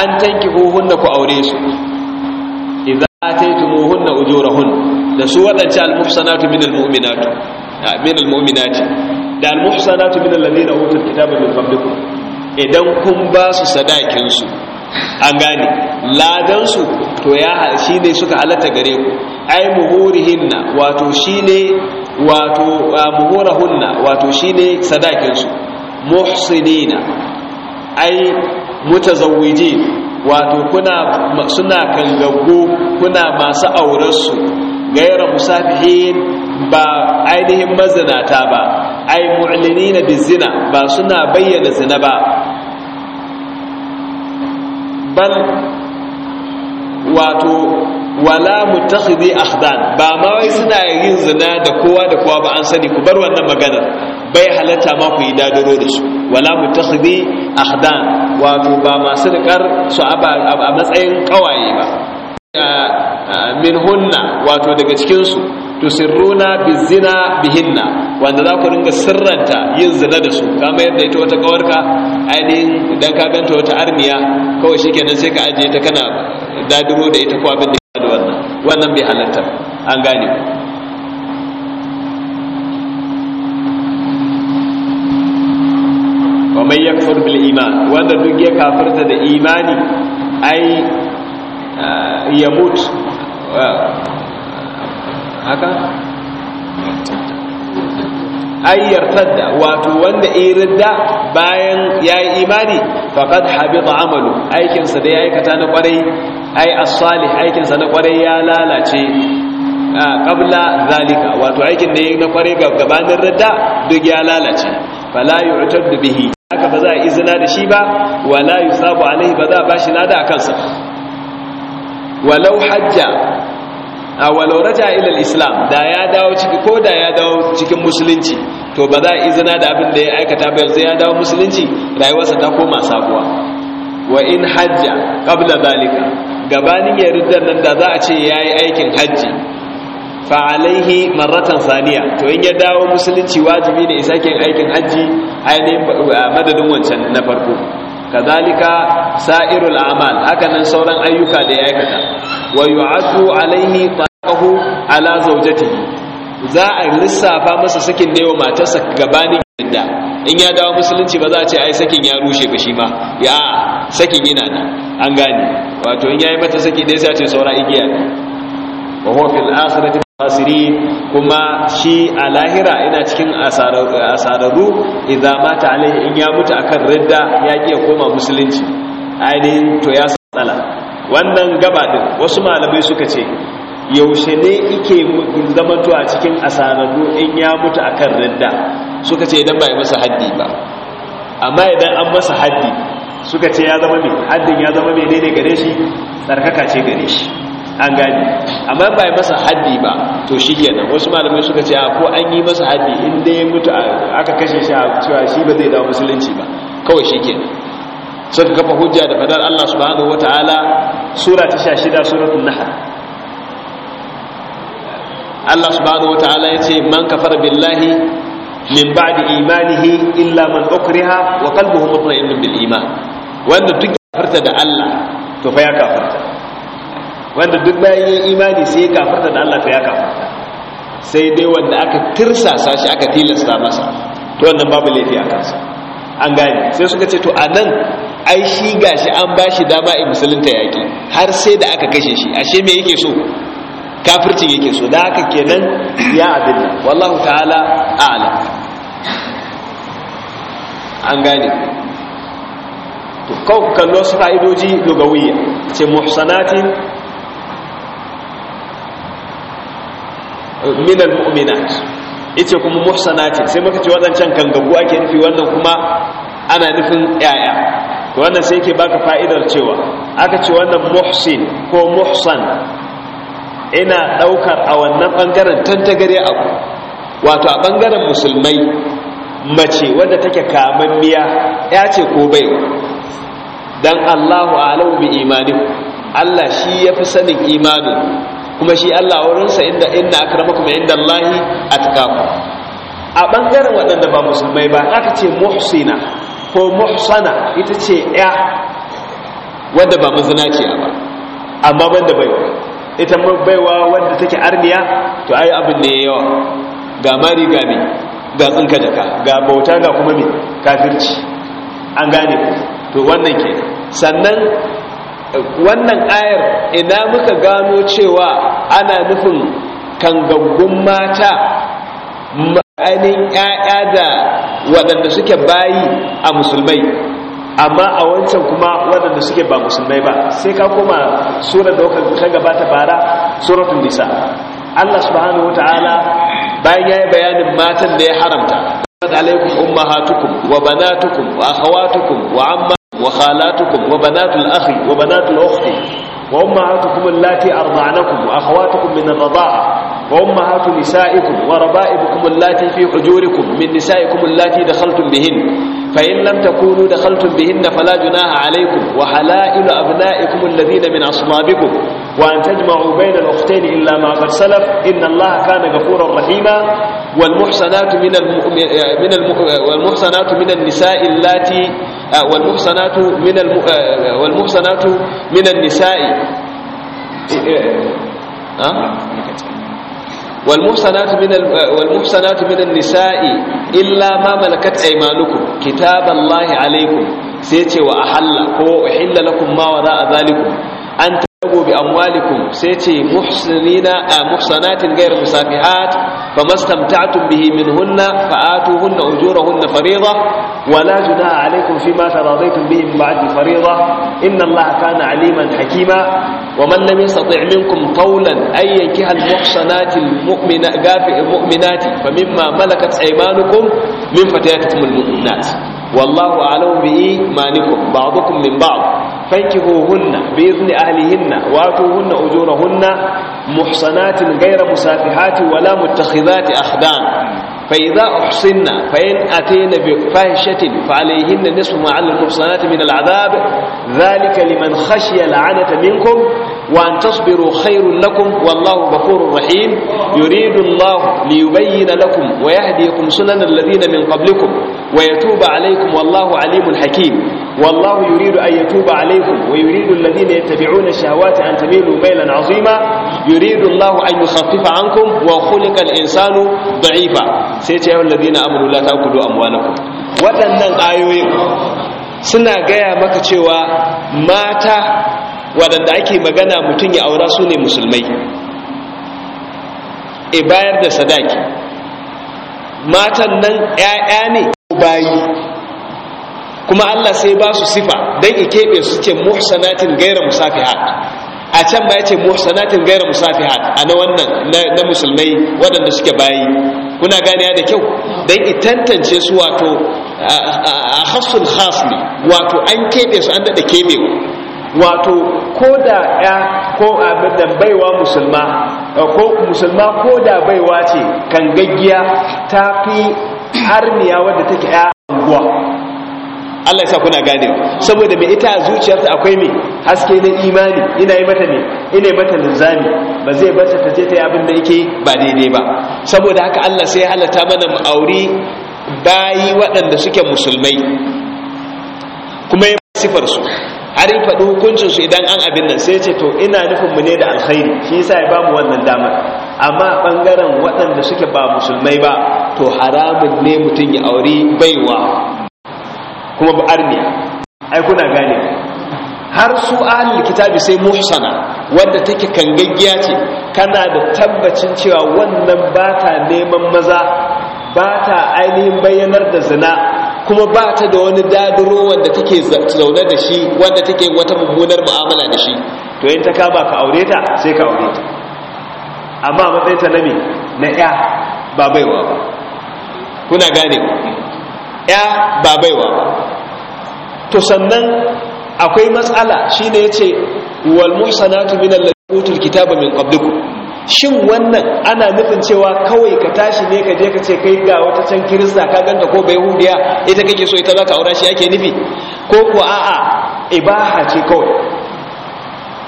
an tankihuhunna ku aure su idza ataytumuhunna ujurahun da su waɗance al-muhsanatu min al-mu'minatu min al-mu'minati da al-muhsanatu min allazina utul kitaba min qablikum idan kun ba su sadakin su an gane ladansu to ya shi ne suka halatta gare ku ai muhurihinna wato shi ne wato muhurahunna wato shi ne sadakinsu muhsinina ai mutazawwiji wato kuna suna kangaggo kuna masu aurarsu gaira musafihin ba ainihin mazinata ba ai na bizina ba suna bayyana zina ba bal wato wala mutakhidi ahdan ba ma wai suna yin zina da kowa da kowa ba an sani ku bar wannan magana bai halatta ma ku yi dadaro da su wala mutakhidi ahdan wato ba masu rikar su a matsayin kawaye ba min hunna wato daga cikin su tusirruna bizina bihinna wanda za ku ringa sirranta yin zina da su kama yadda ita wata kawarka ainihin dan ka ganta wata armiya kawai shikenan sai ka ajiye ta kana dadiro da ita ko abin da ya da wannan wannan bai halatta an gane wa man yakfur bil iman wanda duk ya kafirta da imani ai mutu haka ayyar tadda wato wanda ridda bayan yayi imani faqad habita amalu aikin sa da yayi kata na kwarai ai as-salih aikin sa na kwarai ya lalace qabla zalika wato aikin da yayi na kwarai gabanin ridda duk ya lalace fala yu'tad bihi haka ba za a izina da shi ba wala yusabu alaihi ba za a bashi lada akan sa walau hajja a walauraja ilal islam da ya dawo ciki ko da ya dawo cikin musulunci to ba za a izina da abin da ya aikata ba yanzu ya dawo musulunci rayuwarsa ta koma sabuwa wa in hajja qabla zalika gabanin ya riddar nan da za a ce yayi aikin hajji fa alaihi marratan saniya to in ya dawo musulunci wajibi ne isa aikin hajji ainihin madadin wancan na farko kazalika sa'irul amal hakanan sauran ayyuka da ya aikata wa yu'addu alaihi taqahu ala zawjatihi za a lissafa masa sakin da yawa matarsa gabanin gida in ya dawo musulunci ba za a ce ai sakin ya rushe ba shi ma ya sakin yana nan an gane wato in yayi mata saki dai sai a ce saura igiya ne wa huwa fil akhirati asiri kuma shi a lahira ina cikin asararru idza mata alaihi in ya mutu akan ridda ya kiya koma musulunci ainihin to ya tsala wannan gaba din wasu malamai suka ce yaushe ne ike zama to a cikin asararru in ya mutu akan ridda suka ce idan ba yi masa haddi ba amma idan an masa haddi suka ce ya zama mai haddin ya zama mai ne gare shi tsarkaka ce gare shi an gani amma ba yi masa haddi ba to shi kenan wasu malamai suka ce ko an yi masa haddi inda ya mutu aka kashe shi a cewa shi ba zai dawo musulunci ba kawai shi kenan sun kafa hujja da fadar Allah subhanahu wataala sura ta 16 suratul nahl Allah subhanahu wataala yace man kafara billahi min ba'di imanihi illa man ukriha wa qalbuhu mutma'innun bil iman wanda duk kafarta da Allah to fa ya kafarta wanda duk bayan yin imani sai ya kafarta da Allah to ya kafarta sai dai wanda aka tirsasa shi aka tilasta masa to wannan babu laifi a kansa an gane sai suka ce to a nan ai shi gashi an ba shi dama in musulunta yaƙi har sai da aka kashe shi ashe me yake so kafircin yake so da haka kenan ya abinda wallahu ta'ala a'ala an gane to kawo kallo su fa'idoji lugawiya ce muhsanatin minal mu'minat yace kuma muhsanati sai muka ce wadancan kangagu ake nufi wannan kuma ana nufin yaya to wannan sai yake baka fa'idar cewa aka ce wannan muhsin ko muhsan ina daukar a wannan bangaren tantagare abu wato a bangaren musulmai mace wadda take miya ya ce ko bai dan Allahu a'lamu bi imani Allah shi yafi sanin imanin kuma shi Allah a wurinsa inda inna akramakum indallahi atqakum a bangaren waɗanda ba musulmai ba aka ce muhsina ko muhsana ita ce ya wanda ba mazinaciya ba amma banda baiwa ita baiwa wanda take arniya to ai abin da yawa ga mari ga ne ga tsinka jaka ga bauta ga kuma me kafirci an gane to wannan ke sannan wannan ayar ina muka gano cewa ana nufin kangaggun mata ma'anin ƴaƴa da waɗanda suke bayi a musulmai amma a wancan kuma waɗanda suke ba musulmai ba sai ka koma surar da gaba gabata bara suratul nisa Allah subhanahu wataala bayan yayi bayanin matan da ya haramta alaikum ummahatukum wa banatukum wa akhawatukum wa amma وخالاتكم وبنات الأخ وبنات الأخت وأمهاتكم اللاتي أرضعنكم وأخواتكم من الرضاعة wa ummahatu nisaikum wa raba'ibukum allati fi hujurikum min nisaikum allati dakhaltum bihin fa in lam takunu dakhaltum bihin fala junaha alaykum wa halailu abna'ikum alladhina min ashabikum wa an tajma'u bayna al illa ma qad salaf inna allaha kana ghafurar rahima wal muhsanatu nisai من الم... من النساء ها والمحصنات من ال... والمحصنات من النساء إلا ما ملكت أيمانكم كتاب الله عليكم سيتي وأحل هو أحل لكم ما وراء ذلكم an tabo bi amwalikum sai ce muhsinina a muhsanatin gairar musafihat fa mastamta'tum bihi minhunna fa atuhunna ujurahunna fariida wa la junaha alaykum fi ma taradaytum bihi min ba'di fariida inna laha kana aliman hakima wa man lam yastati' minkum tawlan ay yankihal muhsanatil mu'minat gafi'il mu'minati fa mimma malakat aymanukum min fatayatikum al-mu'minat wallahu a'lamu bi imanikum ba'dukum min ba'd فانكحوهن باذن اهلهن واتوهن اجورهن محصنات غير مسافحات ولا متخذات اخدان فاذا احصن فان اتين بفاحشه فعليهن نصف ما على المحصنات من العذاب ذلك لمن خشي العنه منكم وأن تصبروا خير لكم والله غفور رحيم يريد الله ليبين لكم ويهديكم سنن الذين من قبلكم ويتوب عليكم والله عليم حكيم والله يريد أن يتوب عليكم ويريد الذين يتبعون الشهوات أن تميلوا ميلا عظيما يريد الله أن يخفف عنكم وخلق الإنسان ضعيفا سيتعي الذين أمروا لا تأكلوا أموالكم waɗannan ayoyin suna gaya maka cewa mata waɗanda ake magana mutum ya aura su ne musulmai e bayar da sadaki matan nan ‘ya'ya ne bayi kuma Allah sai ba su sifa don i keɓe su ce muhsanatin gaira musafiha. a can ba ya ce muhsanatin gaira musafiha a na wannan na musulmai waɗanda suke bayi kuna ganiya da kyau don itantance su wato a hassun khas wato an keɓe su an daɗa keɓewa wato ko da ya ko abin baiwa musulma eh, ko musulma ko da baiwa ce kan gaggiya ta fi harniya wadda take ya anguwa Allah ya sa kuna gane saboda mai ita a zuciyarta akwai mai haske na imani ina yi mata ne ina yi mata linzami ba zai bata ta je ta yi abin da yake ba daidai ba saboda haka Allah sai halatta mana mu auri bayi waɗanda suke musulmai kuma ya sifar su har yi faɗi su idan an abin nan sai ce to ina nufinmu ne da alkhairi shi yasa ya bamu wannan damar amma ɓangaren waɗanda suke ba musulmai ba to haramun ne mutum ya auri baiwa kuma ba arni ai kuna gane har su ahlul kitabi sai muhsana wadda take kangaggiya ce kana da tabbacin cewa wannan ba ta neman maza ba ta ainihin bayyanar da zina kuma ba ta da wani dadiro wanda take zaune da shi wanda take wata mummunar mu'amala da shi to yin ta kama ka aure ta sai ka aure ta amma matsayin ta nami na ya ba baiwa ba kuna gane ya ba baiwa ba to sannan akwai matsala shine yace wal musanatu min ladina utul kitaba min qablikum shin wannan ana nufin cewa kawai ka tashi ne ka je ka ce kai ga wata can kirista ka ganta ko bai hudiya ita kake so ita za ka aura shi ake nufi ko kuwa a'a ibaha ce kawai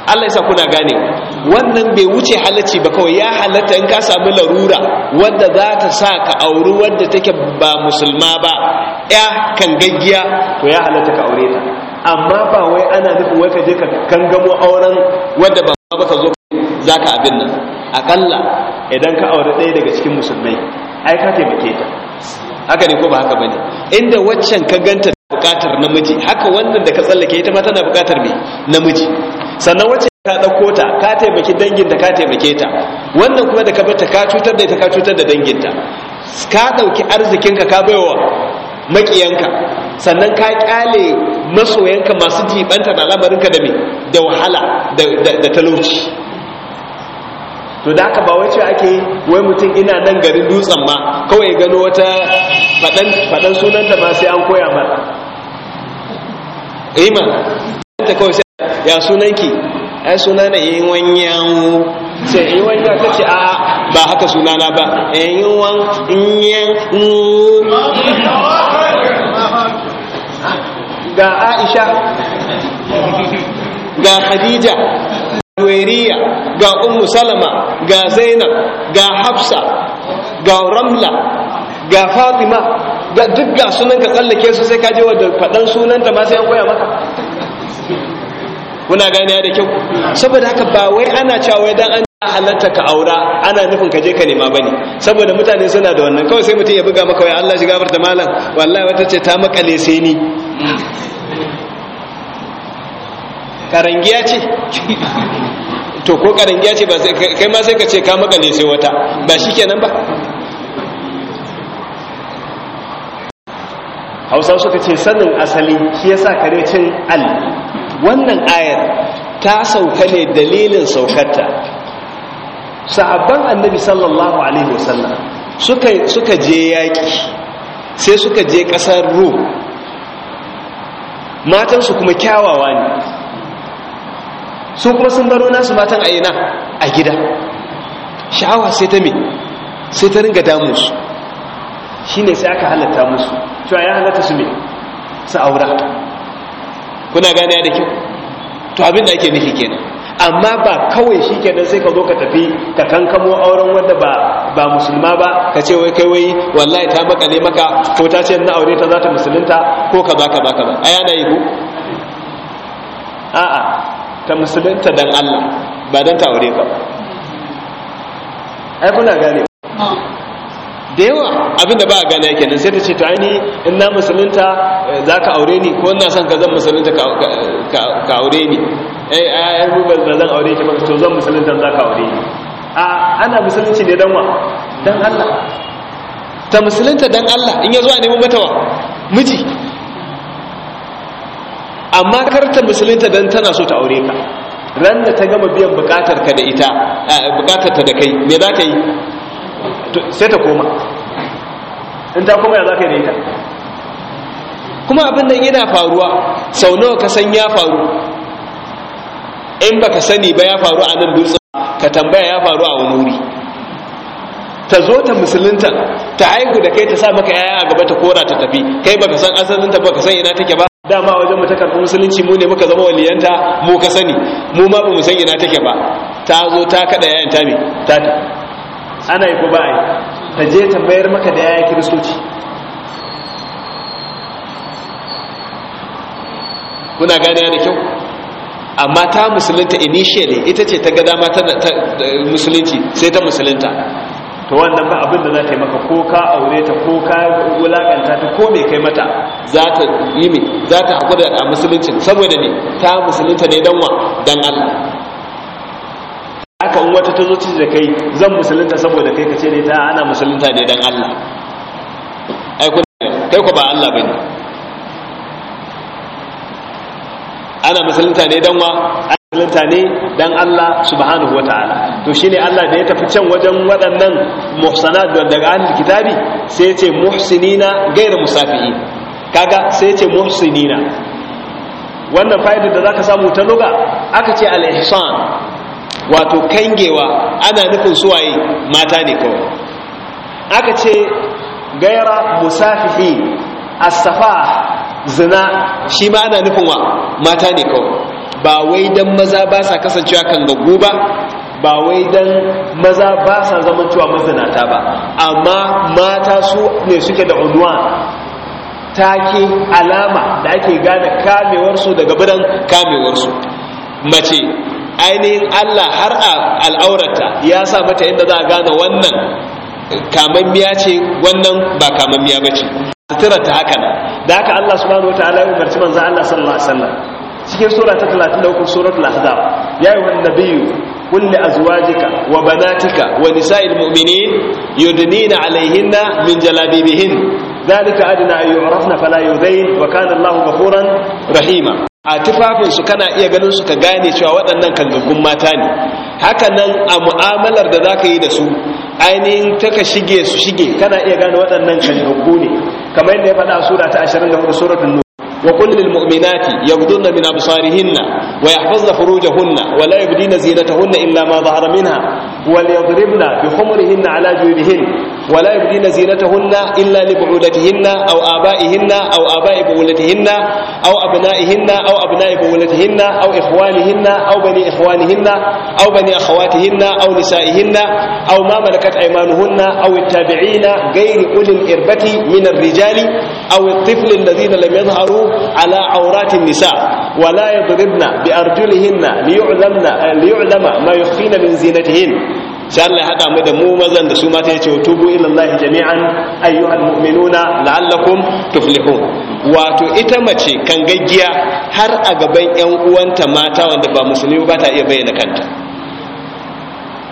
Allah yasa kuna gane wannan bai wuce halacci ba kawai ya halatta in ka samu larura wadda za ta sa ka auri wadda take ba musulma ba ya kan gaggiya to ya halatta ka aure ta amma ba wai ana nufin wai ka je ka kangamo auren wadda ba ba ka zo za ka abin nan aƙalla idan ka aure ɗaya daga cikin musulmai ai ka taimake ta haka ne ko ba haka ba inda waccan ka ganta buƙatar namiji haka wannan da ka tsallake ita ma tana buƙatar me namiji sannan wacce ka ɗauko ta ka taimaki danginta ka taimake ta wannan kuma da ka bata ka cutar da ita ka cutar da danginta ka ɗauki arzikinka ka baiwa maƙiyanka sannan ka ƙyale masoyanka masu jibanta da lamarinka da me da wahala da talauci to da aka ba wace ake yi wai mutum ina nan garin dutsen ma kawai gano wata faɗan sunanta ma sai an koya ba ima ta kawai sai ya sunanki ai suna na yin wanyan sai yin wanya ta ce a ba haka sunana ba yin wan yan ga aisha ga khadija Juwairiya ga Ummu Salama ga Zainab ga Hafsa ga Ramla ga Fatima ga duk ga sunan ka tsallake su sai ka je wadda faɗan sunanta ma sai an koya maka muna ganiya da kyau saboda haka ba wai ana cewa dan an halatta ka aura ana nufin ka je ka nema bane saboda mutane suna da wannan kawai sai mutum ya buga maka wai Allah shi gafarta malam wallahi wata ce ta makale sai ni karangiya ce to ko karangiya ce ba kai ma sai ka ce ka makale sai wata ba shi kenan ba hausa suka ce sanin asali shi yasa kare cin al wannan ayar ta sauka ne dalilin saukarta sahabban annabi sallallahu alaihi wasallam suka suka je yaki sai suka je kasar rum matansu kuma kyawawa ne su kuma sun baro nasu matan a ina a gida sha'awa sai ta me sai ta ringa damus. Shi ne sai aka halatta musu cewa ya halatta su me su aura kuna gane da kyau to abin da ake nufi kenan amma ba kawai shi kenan sai ka zo ka tafi ka kankamo auren wanda ba musulma ba ka ce wai kai wai wallahi ta makale maka ko ta ce na aure ta za ta musulunta ko ka ba ka ba ka ba a yana yi ko a'a ta musulunta dan Allah ba dan ta aure ka ai kuna gane da yawa abinda ba a gane yake nan sai ta ce ta aini in na musulunta eh, za ka aure ni ko ina son ka zan musulunta ka aure ni eh, ai ai da zan aure ki ba to zan musulunta za ka aure ni a ana musulunci ne dan wa dan Allah ta musulunta dan Allah in ya zuwa neman mata wa miji amma karta musulunta dan tana so ta aure ka ran da ta gama biyan bukatar ka da ita bukatar ta da kai me za ka yi sai ta koma in ta koma ya za ka yi da ita kuma abin nan yana faruwa sau nawa ka san ya faru in baka sani ba ya faru a nan dutsen ka tambaya ya faru a wani wuri ta zo ta musulunta ta haihu da kai ta sa maka yaya a gaba ta kora ta tafi kai baka san asalinta baka san ina take ba dama wajen mu ta karɓi musulunci mu ne muka zama waliyanta mu ka sani mu ma ba mu san ina take ba ta zo ta kada yayin ta ne ta ta ana yi ko ba ai ta je ta bayar maka da yayin kiristoci kuna gane da kyau amma ta musulunta initially ita ce ta ga dama ta musulunci sai ta musulunta to wannan ba abin da za ta yi maka ko ka aure ta ko ka wulakanta ta ko mai kai mata za ta yi mai za ta haƙura da musulunci saboda ne ta musulunta ne don wa don allah aka wata ta zo da kai zan musulunta saboda kai ka ce ne ta ana musulunta ne don allah kai ku ba allah ba ne ana musulunta ne don wa musulunta ne don allah subhanahu wa ta'ala to shi ne Allah da ya tafi can wajen waɗannan muhsanat daga ahlul kitabi sai ce muhsinina gairu musafihi kaga sai ce muhsinina wannan fa'idar da zaka samu ta luga aka ce al-ihsan wato kangewa ana nufin suwaye mata ne kawai aka ce gaira musafihi as-safa zina shi ma ana nufin wa mata ne kawai ba wai dan maza ba sa kasancewa kan gaggu ba ba wai dan maza ba sa zaman cewa mazinata ba amma mata su ne suke da ta ke alama da ake gane kamewarsu daga kamewar kamewarsu mace ainihin Allah har a al'aurata ya sa mata inda za a gane wannan kamammiya ce wannan ba kamammiya ba ce sutura ta haka da haka Allah subhanahu wa ta'ala ya umarci manzo Allah sallallahu alaihi wasallam cikin sura ta 33 suratul ahzab ya ayyuhan nabiyyu qul li azwajika wa banatika wa nisa'il mu'minin yudnina 'alayhinna min jalabibihin dhalika adna ay yu'rafna fala yudayn wa kana Allahu ghafuran rahima a tufafin su kana iya ganin su ka gane cewa waɗannan kangaggun mata ne Hakanan, a mu'amalar da zaka yi da su ainihin taka shige su shige kana iya gane waɗannan kangaggu ne kamar yadda ya faɗa a sura ta 24 suratul وقل للمؤمنات يغضن من أبصارهن ويحفظن فروجهن ولا يبدين زينتهن إلا ما ظهر منها وليضربن بخمرهن على جيوبهن ولا يبدين زينتهن إلا لبعولتهن أو آبائهن أو آباء بعولتهن أو أبنائهن أو أبناء بعولتهن أو إخوانهن أو بني إخوانهن أو بني أخواتهن أو نسائهن أو ما ملكت أيمانهن أو التابعين غير أولي الإربة من الرجال أو الطفل الذين لم يظهروا على عورات النساء ولا يضربن بأرجلهن ليعلمن ليعلم ما يخفين من زينتهن sai Allah ya haɗa mu da mu mazan da su mata ya ce tubu ilallahi jami'an ayyuhal mu'minuna la'allakum tuflihun wato ita mace kan gaggiya har a gaban ƴan uwanta mata wanda ba musulmi ba ta iya bayyana kanta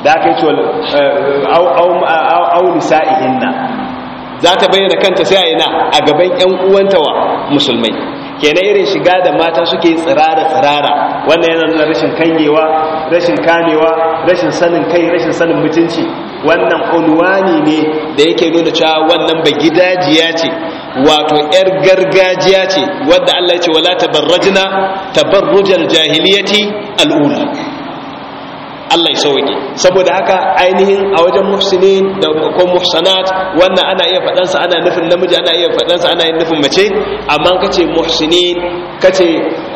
da aka ce eh, au nisa'ihinna za ta bayyana kanta sai a ina a gaban ƴan uwanta wa musulmai kenan irin shiga da mata suke tsirara tsirara wannan yana nuna rashin kanyewa rashin kamewa rashin sanin kai rashin sanin mutunci wannan unwani ne da yake nuna cewa wannan ba gidajiya ce wato yar gargajiya ce wadda Allah ya ce wala tabarrajna tabarrujal jahiliyati al'ula Allah ya sauke saboda haka ainihin a wajen muhsinin da ko muhsanat wannan ana iya fadan sa ana nufin namiji ana iya faɗan sa ana nufin mace amma kace muhsinin kace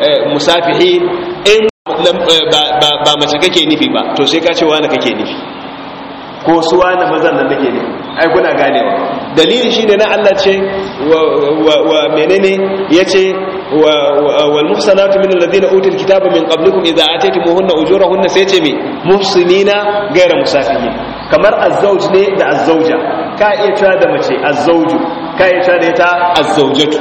eh, musafihin in eh, ba mace kake nufi ba to sai ka ce wani kake nufi ko suwa na mazan nan nake ne ai kuna ganewa dalili shine na Allah ce wa menene yace wal muhsanatu min alladhina utul kitaba min qablikum idza ataytumuhunna ujurahunna sai ce me muhsinina ghayra musafihin kamar azzauj ne da azzauja ka iya cewa da mace azzauju ka iya cewa da ita azzaujatu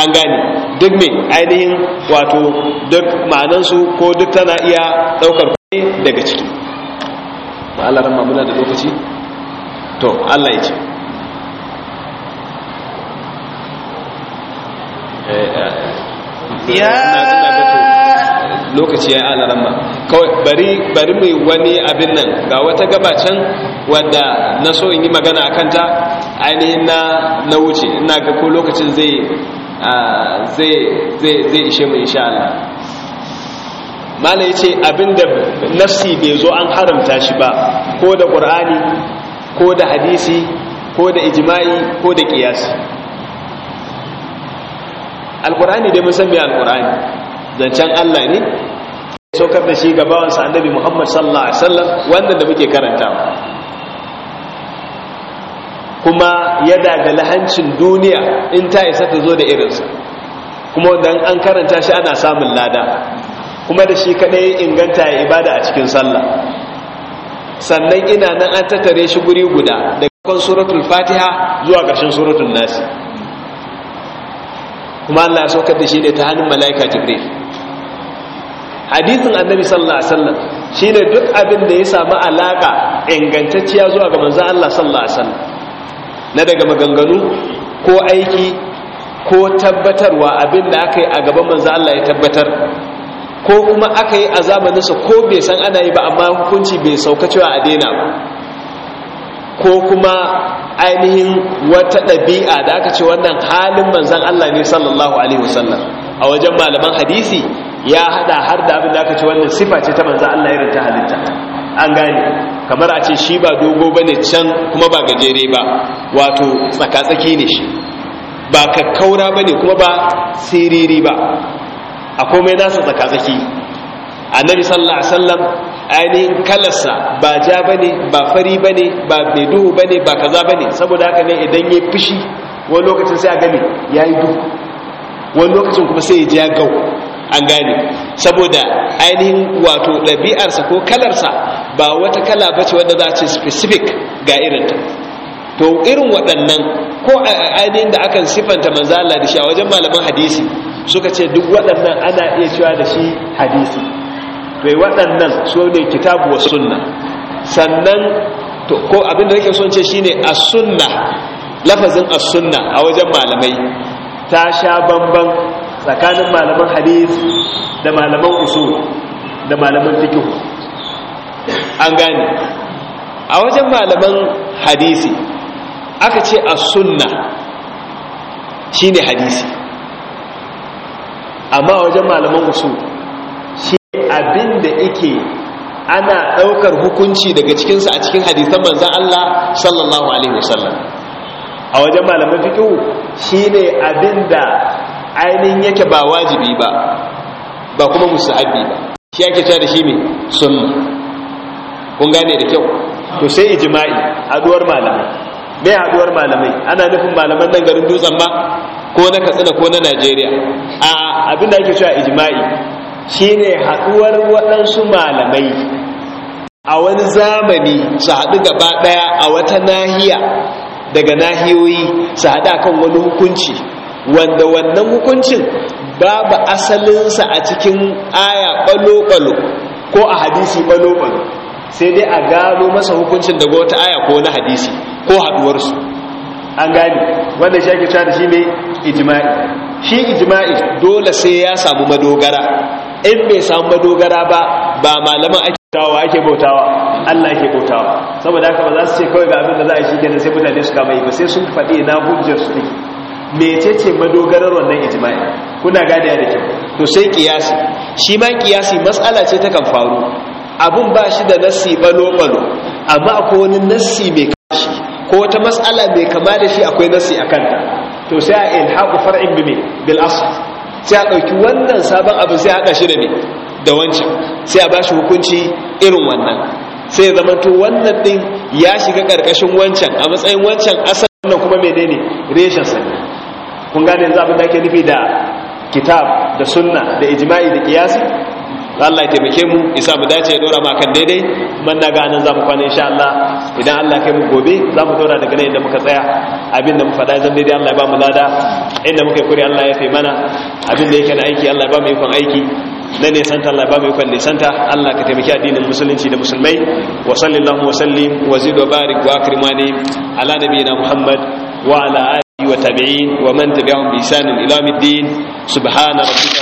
an gane duk me ainihin wato duk ma'anansu ko duk tana iya daukar daga ciki ba Allah ran muna da lokaci to Allah ya ce eh, eh, eh. ya lokaci ya yi ramma kawai bari mai wani abin nan ga wata gabacin wadda na so in yi magana a kanta ainihin na wuce ina ga ko lokacin zai ah, zai ishe mu sha'ala mala ya ce abinda nafsi bai zo an haramta shi ba ko da ƙur'ani ko da hadisi ko da ijimai ko da ƙiyasi Al-ƙur'ani dai mun san Al-ƙur'ani zancen allah ne saukar da shi gabawansa annabi muhammad sallallahu alaihi wasallam wanda da muke karantawa kuma ya daga lahancin duniya in ta isa ta zo da irinsa kuma dan an karanta shi ana samun lada kuma da shi kadai inganta ya ibada a cikin sallah sannan ina nan an tattare shi guri guda daga kan suratul fatiha zuwa ƙarshen suratul nasi kuma Allah ya saukar da shi ne ta hannun mala'ika jibril hadithin annabi sallallahu alaihi wasallam shine duk abin da ya samu alaka ingantacciya zuwa ga manzon Allah sallallahu alaihi wasallam na daga maganganu ko aiki ko tabbatarwa abin da aka yi a gaban manzon Allah ya tabbatar ko kuma aka yi a zamaninsa ko bai san ana yi ba amma hukunci bai sauka cewa a daina ba ko kuma ainihin wata ɗabi'a da aka ce wannan halin manzan Allah ne sallallahu alaihi wasallam a wajen malaman hadisi ya hada har da abin da aka ce wannan sifa ce ta manzan Allah irin ta halitta an gane kamar a ce shi ba dogo ba ne can kuma ba gajere ba wato tsaka-tsaki ne shi ba kakkaura ba ne kuma ba siriri ba a komai nasu tsakatsaki annabi sallallahu alaihi wasallam ainihin kalarsa ba ja bane ba fari bane ba mai duhu bane ba kaza bane saboda haka ne idan ya fushi wani lokacin sai a gani ya yi duhu wani lokacin kuma sai ya ji ya gau an gane saboda ainihin wato ɗabi'arsa ko kalarsa ba wata kala ba ce wadda za ce specific ga irinta to irin waɗannan ko ainihin da akan siffanta manzala da shi a wajen malaman hadisi suka ce duk waɗannan ana iya cewa da shi hadisi bai eh, waɗannan su ne kitabu wa sunna sannan ko abinda nake son ce shine a sunna lafazin a sunna a wajen malamai ta sha bambam tsakanin malaman hadis da malaman usul da malaman fiqh an gane a wajen malaman hadisi aka ce a sunna shine hadisi amma wajen malaman usu shi abinda yake ana daukar hukunci daga cikin a cikin hadisan manzon Allah sallallahu alaihi wasallam a wajen malaman fiqh shine abinda ainihin yake ba wajibi ba ba kuma musahabi ba shi yake cewa da shi ne sunna kun gane da kyau to sai ijma'i aduwar malamai mai haɗuwar malamai ana nufin malaman nan garin dutsen ba ko na katsina ko na najeriya a abin da ake cewa ijima'i shine haɗuwar waɗansu malamai a wani zamani su haɗu gaba ɗaya a wata nahiya daga nahiyoyi su haɗu a kan wani hukunci wanda wannan hukuncin babu asalinsa a cikin aya ɓalo-ɓalo ko a hadisi ɓalo-ɓalo sai dai a gano masa hukuncin daga wata aya ko na hadisi ko haduwarsu an gani wanda shi ake da shi ne ijima'i shi ijima'i dole sai ya samu madogara in bai samu madogara ba ba malaman ake bautawa ake bautawa Allah ake bautawa saboda haka ba za su ce kawai ga abin da za a shi kenan sai mutane su kama yi ba sai sun faɗi na hujjar su ne mecece madogarar wannan ijma'i kuna gane da kyau to sai kiyasi shi ma kiyasi matsala ce ta kan faru abun ba shi da nassi balo balo amma akwai wani nassi mai ko wata matsala mai kama da shi akwai nasi a kanta to sai a haku far'in bi bil asl sai a ɗauki wannan sabon abin sai a shi da ne da wancan sai a bashi hukunci irin wannan sai ya zama to wannan ɗin ya shiga ƙarƙashin wancan a matsayin wancan asar wannan kuma ne reshen sani kun gane yanzu abin da ake nufi da kitab da sunna da ijma'i da kiyasi? Allah ya taimake mu isa mu dace ya dora ma kan daidai man na ganin za mu kwana insha Allah idan Allah kai mu gobe za mu dora daga nan inda muka tsaya abin da mu faɗa zan daidai Allah ya ba mu lada inda muka kuri Allah ya fi mana abin da yake na aiki Allah ya ba mu ikon aiki na nisanta Allah ba mai kwalle santa Allah ka taimaki addinin musulunci da musulmai wa sallallahu wa sallim wa zid wa barik wa akrimani ala nabiyina Muhammad wa ala alihi wa tabi'in wa man tabi'ahum bi ihsan ila yawmiddin subhana rabbika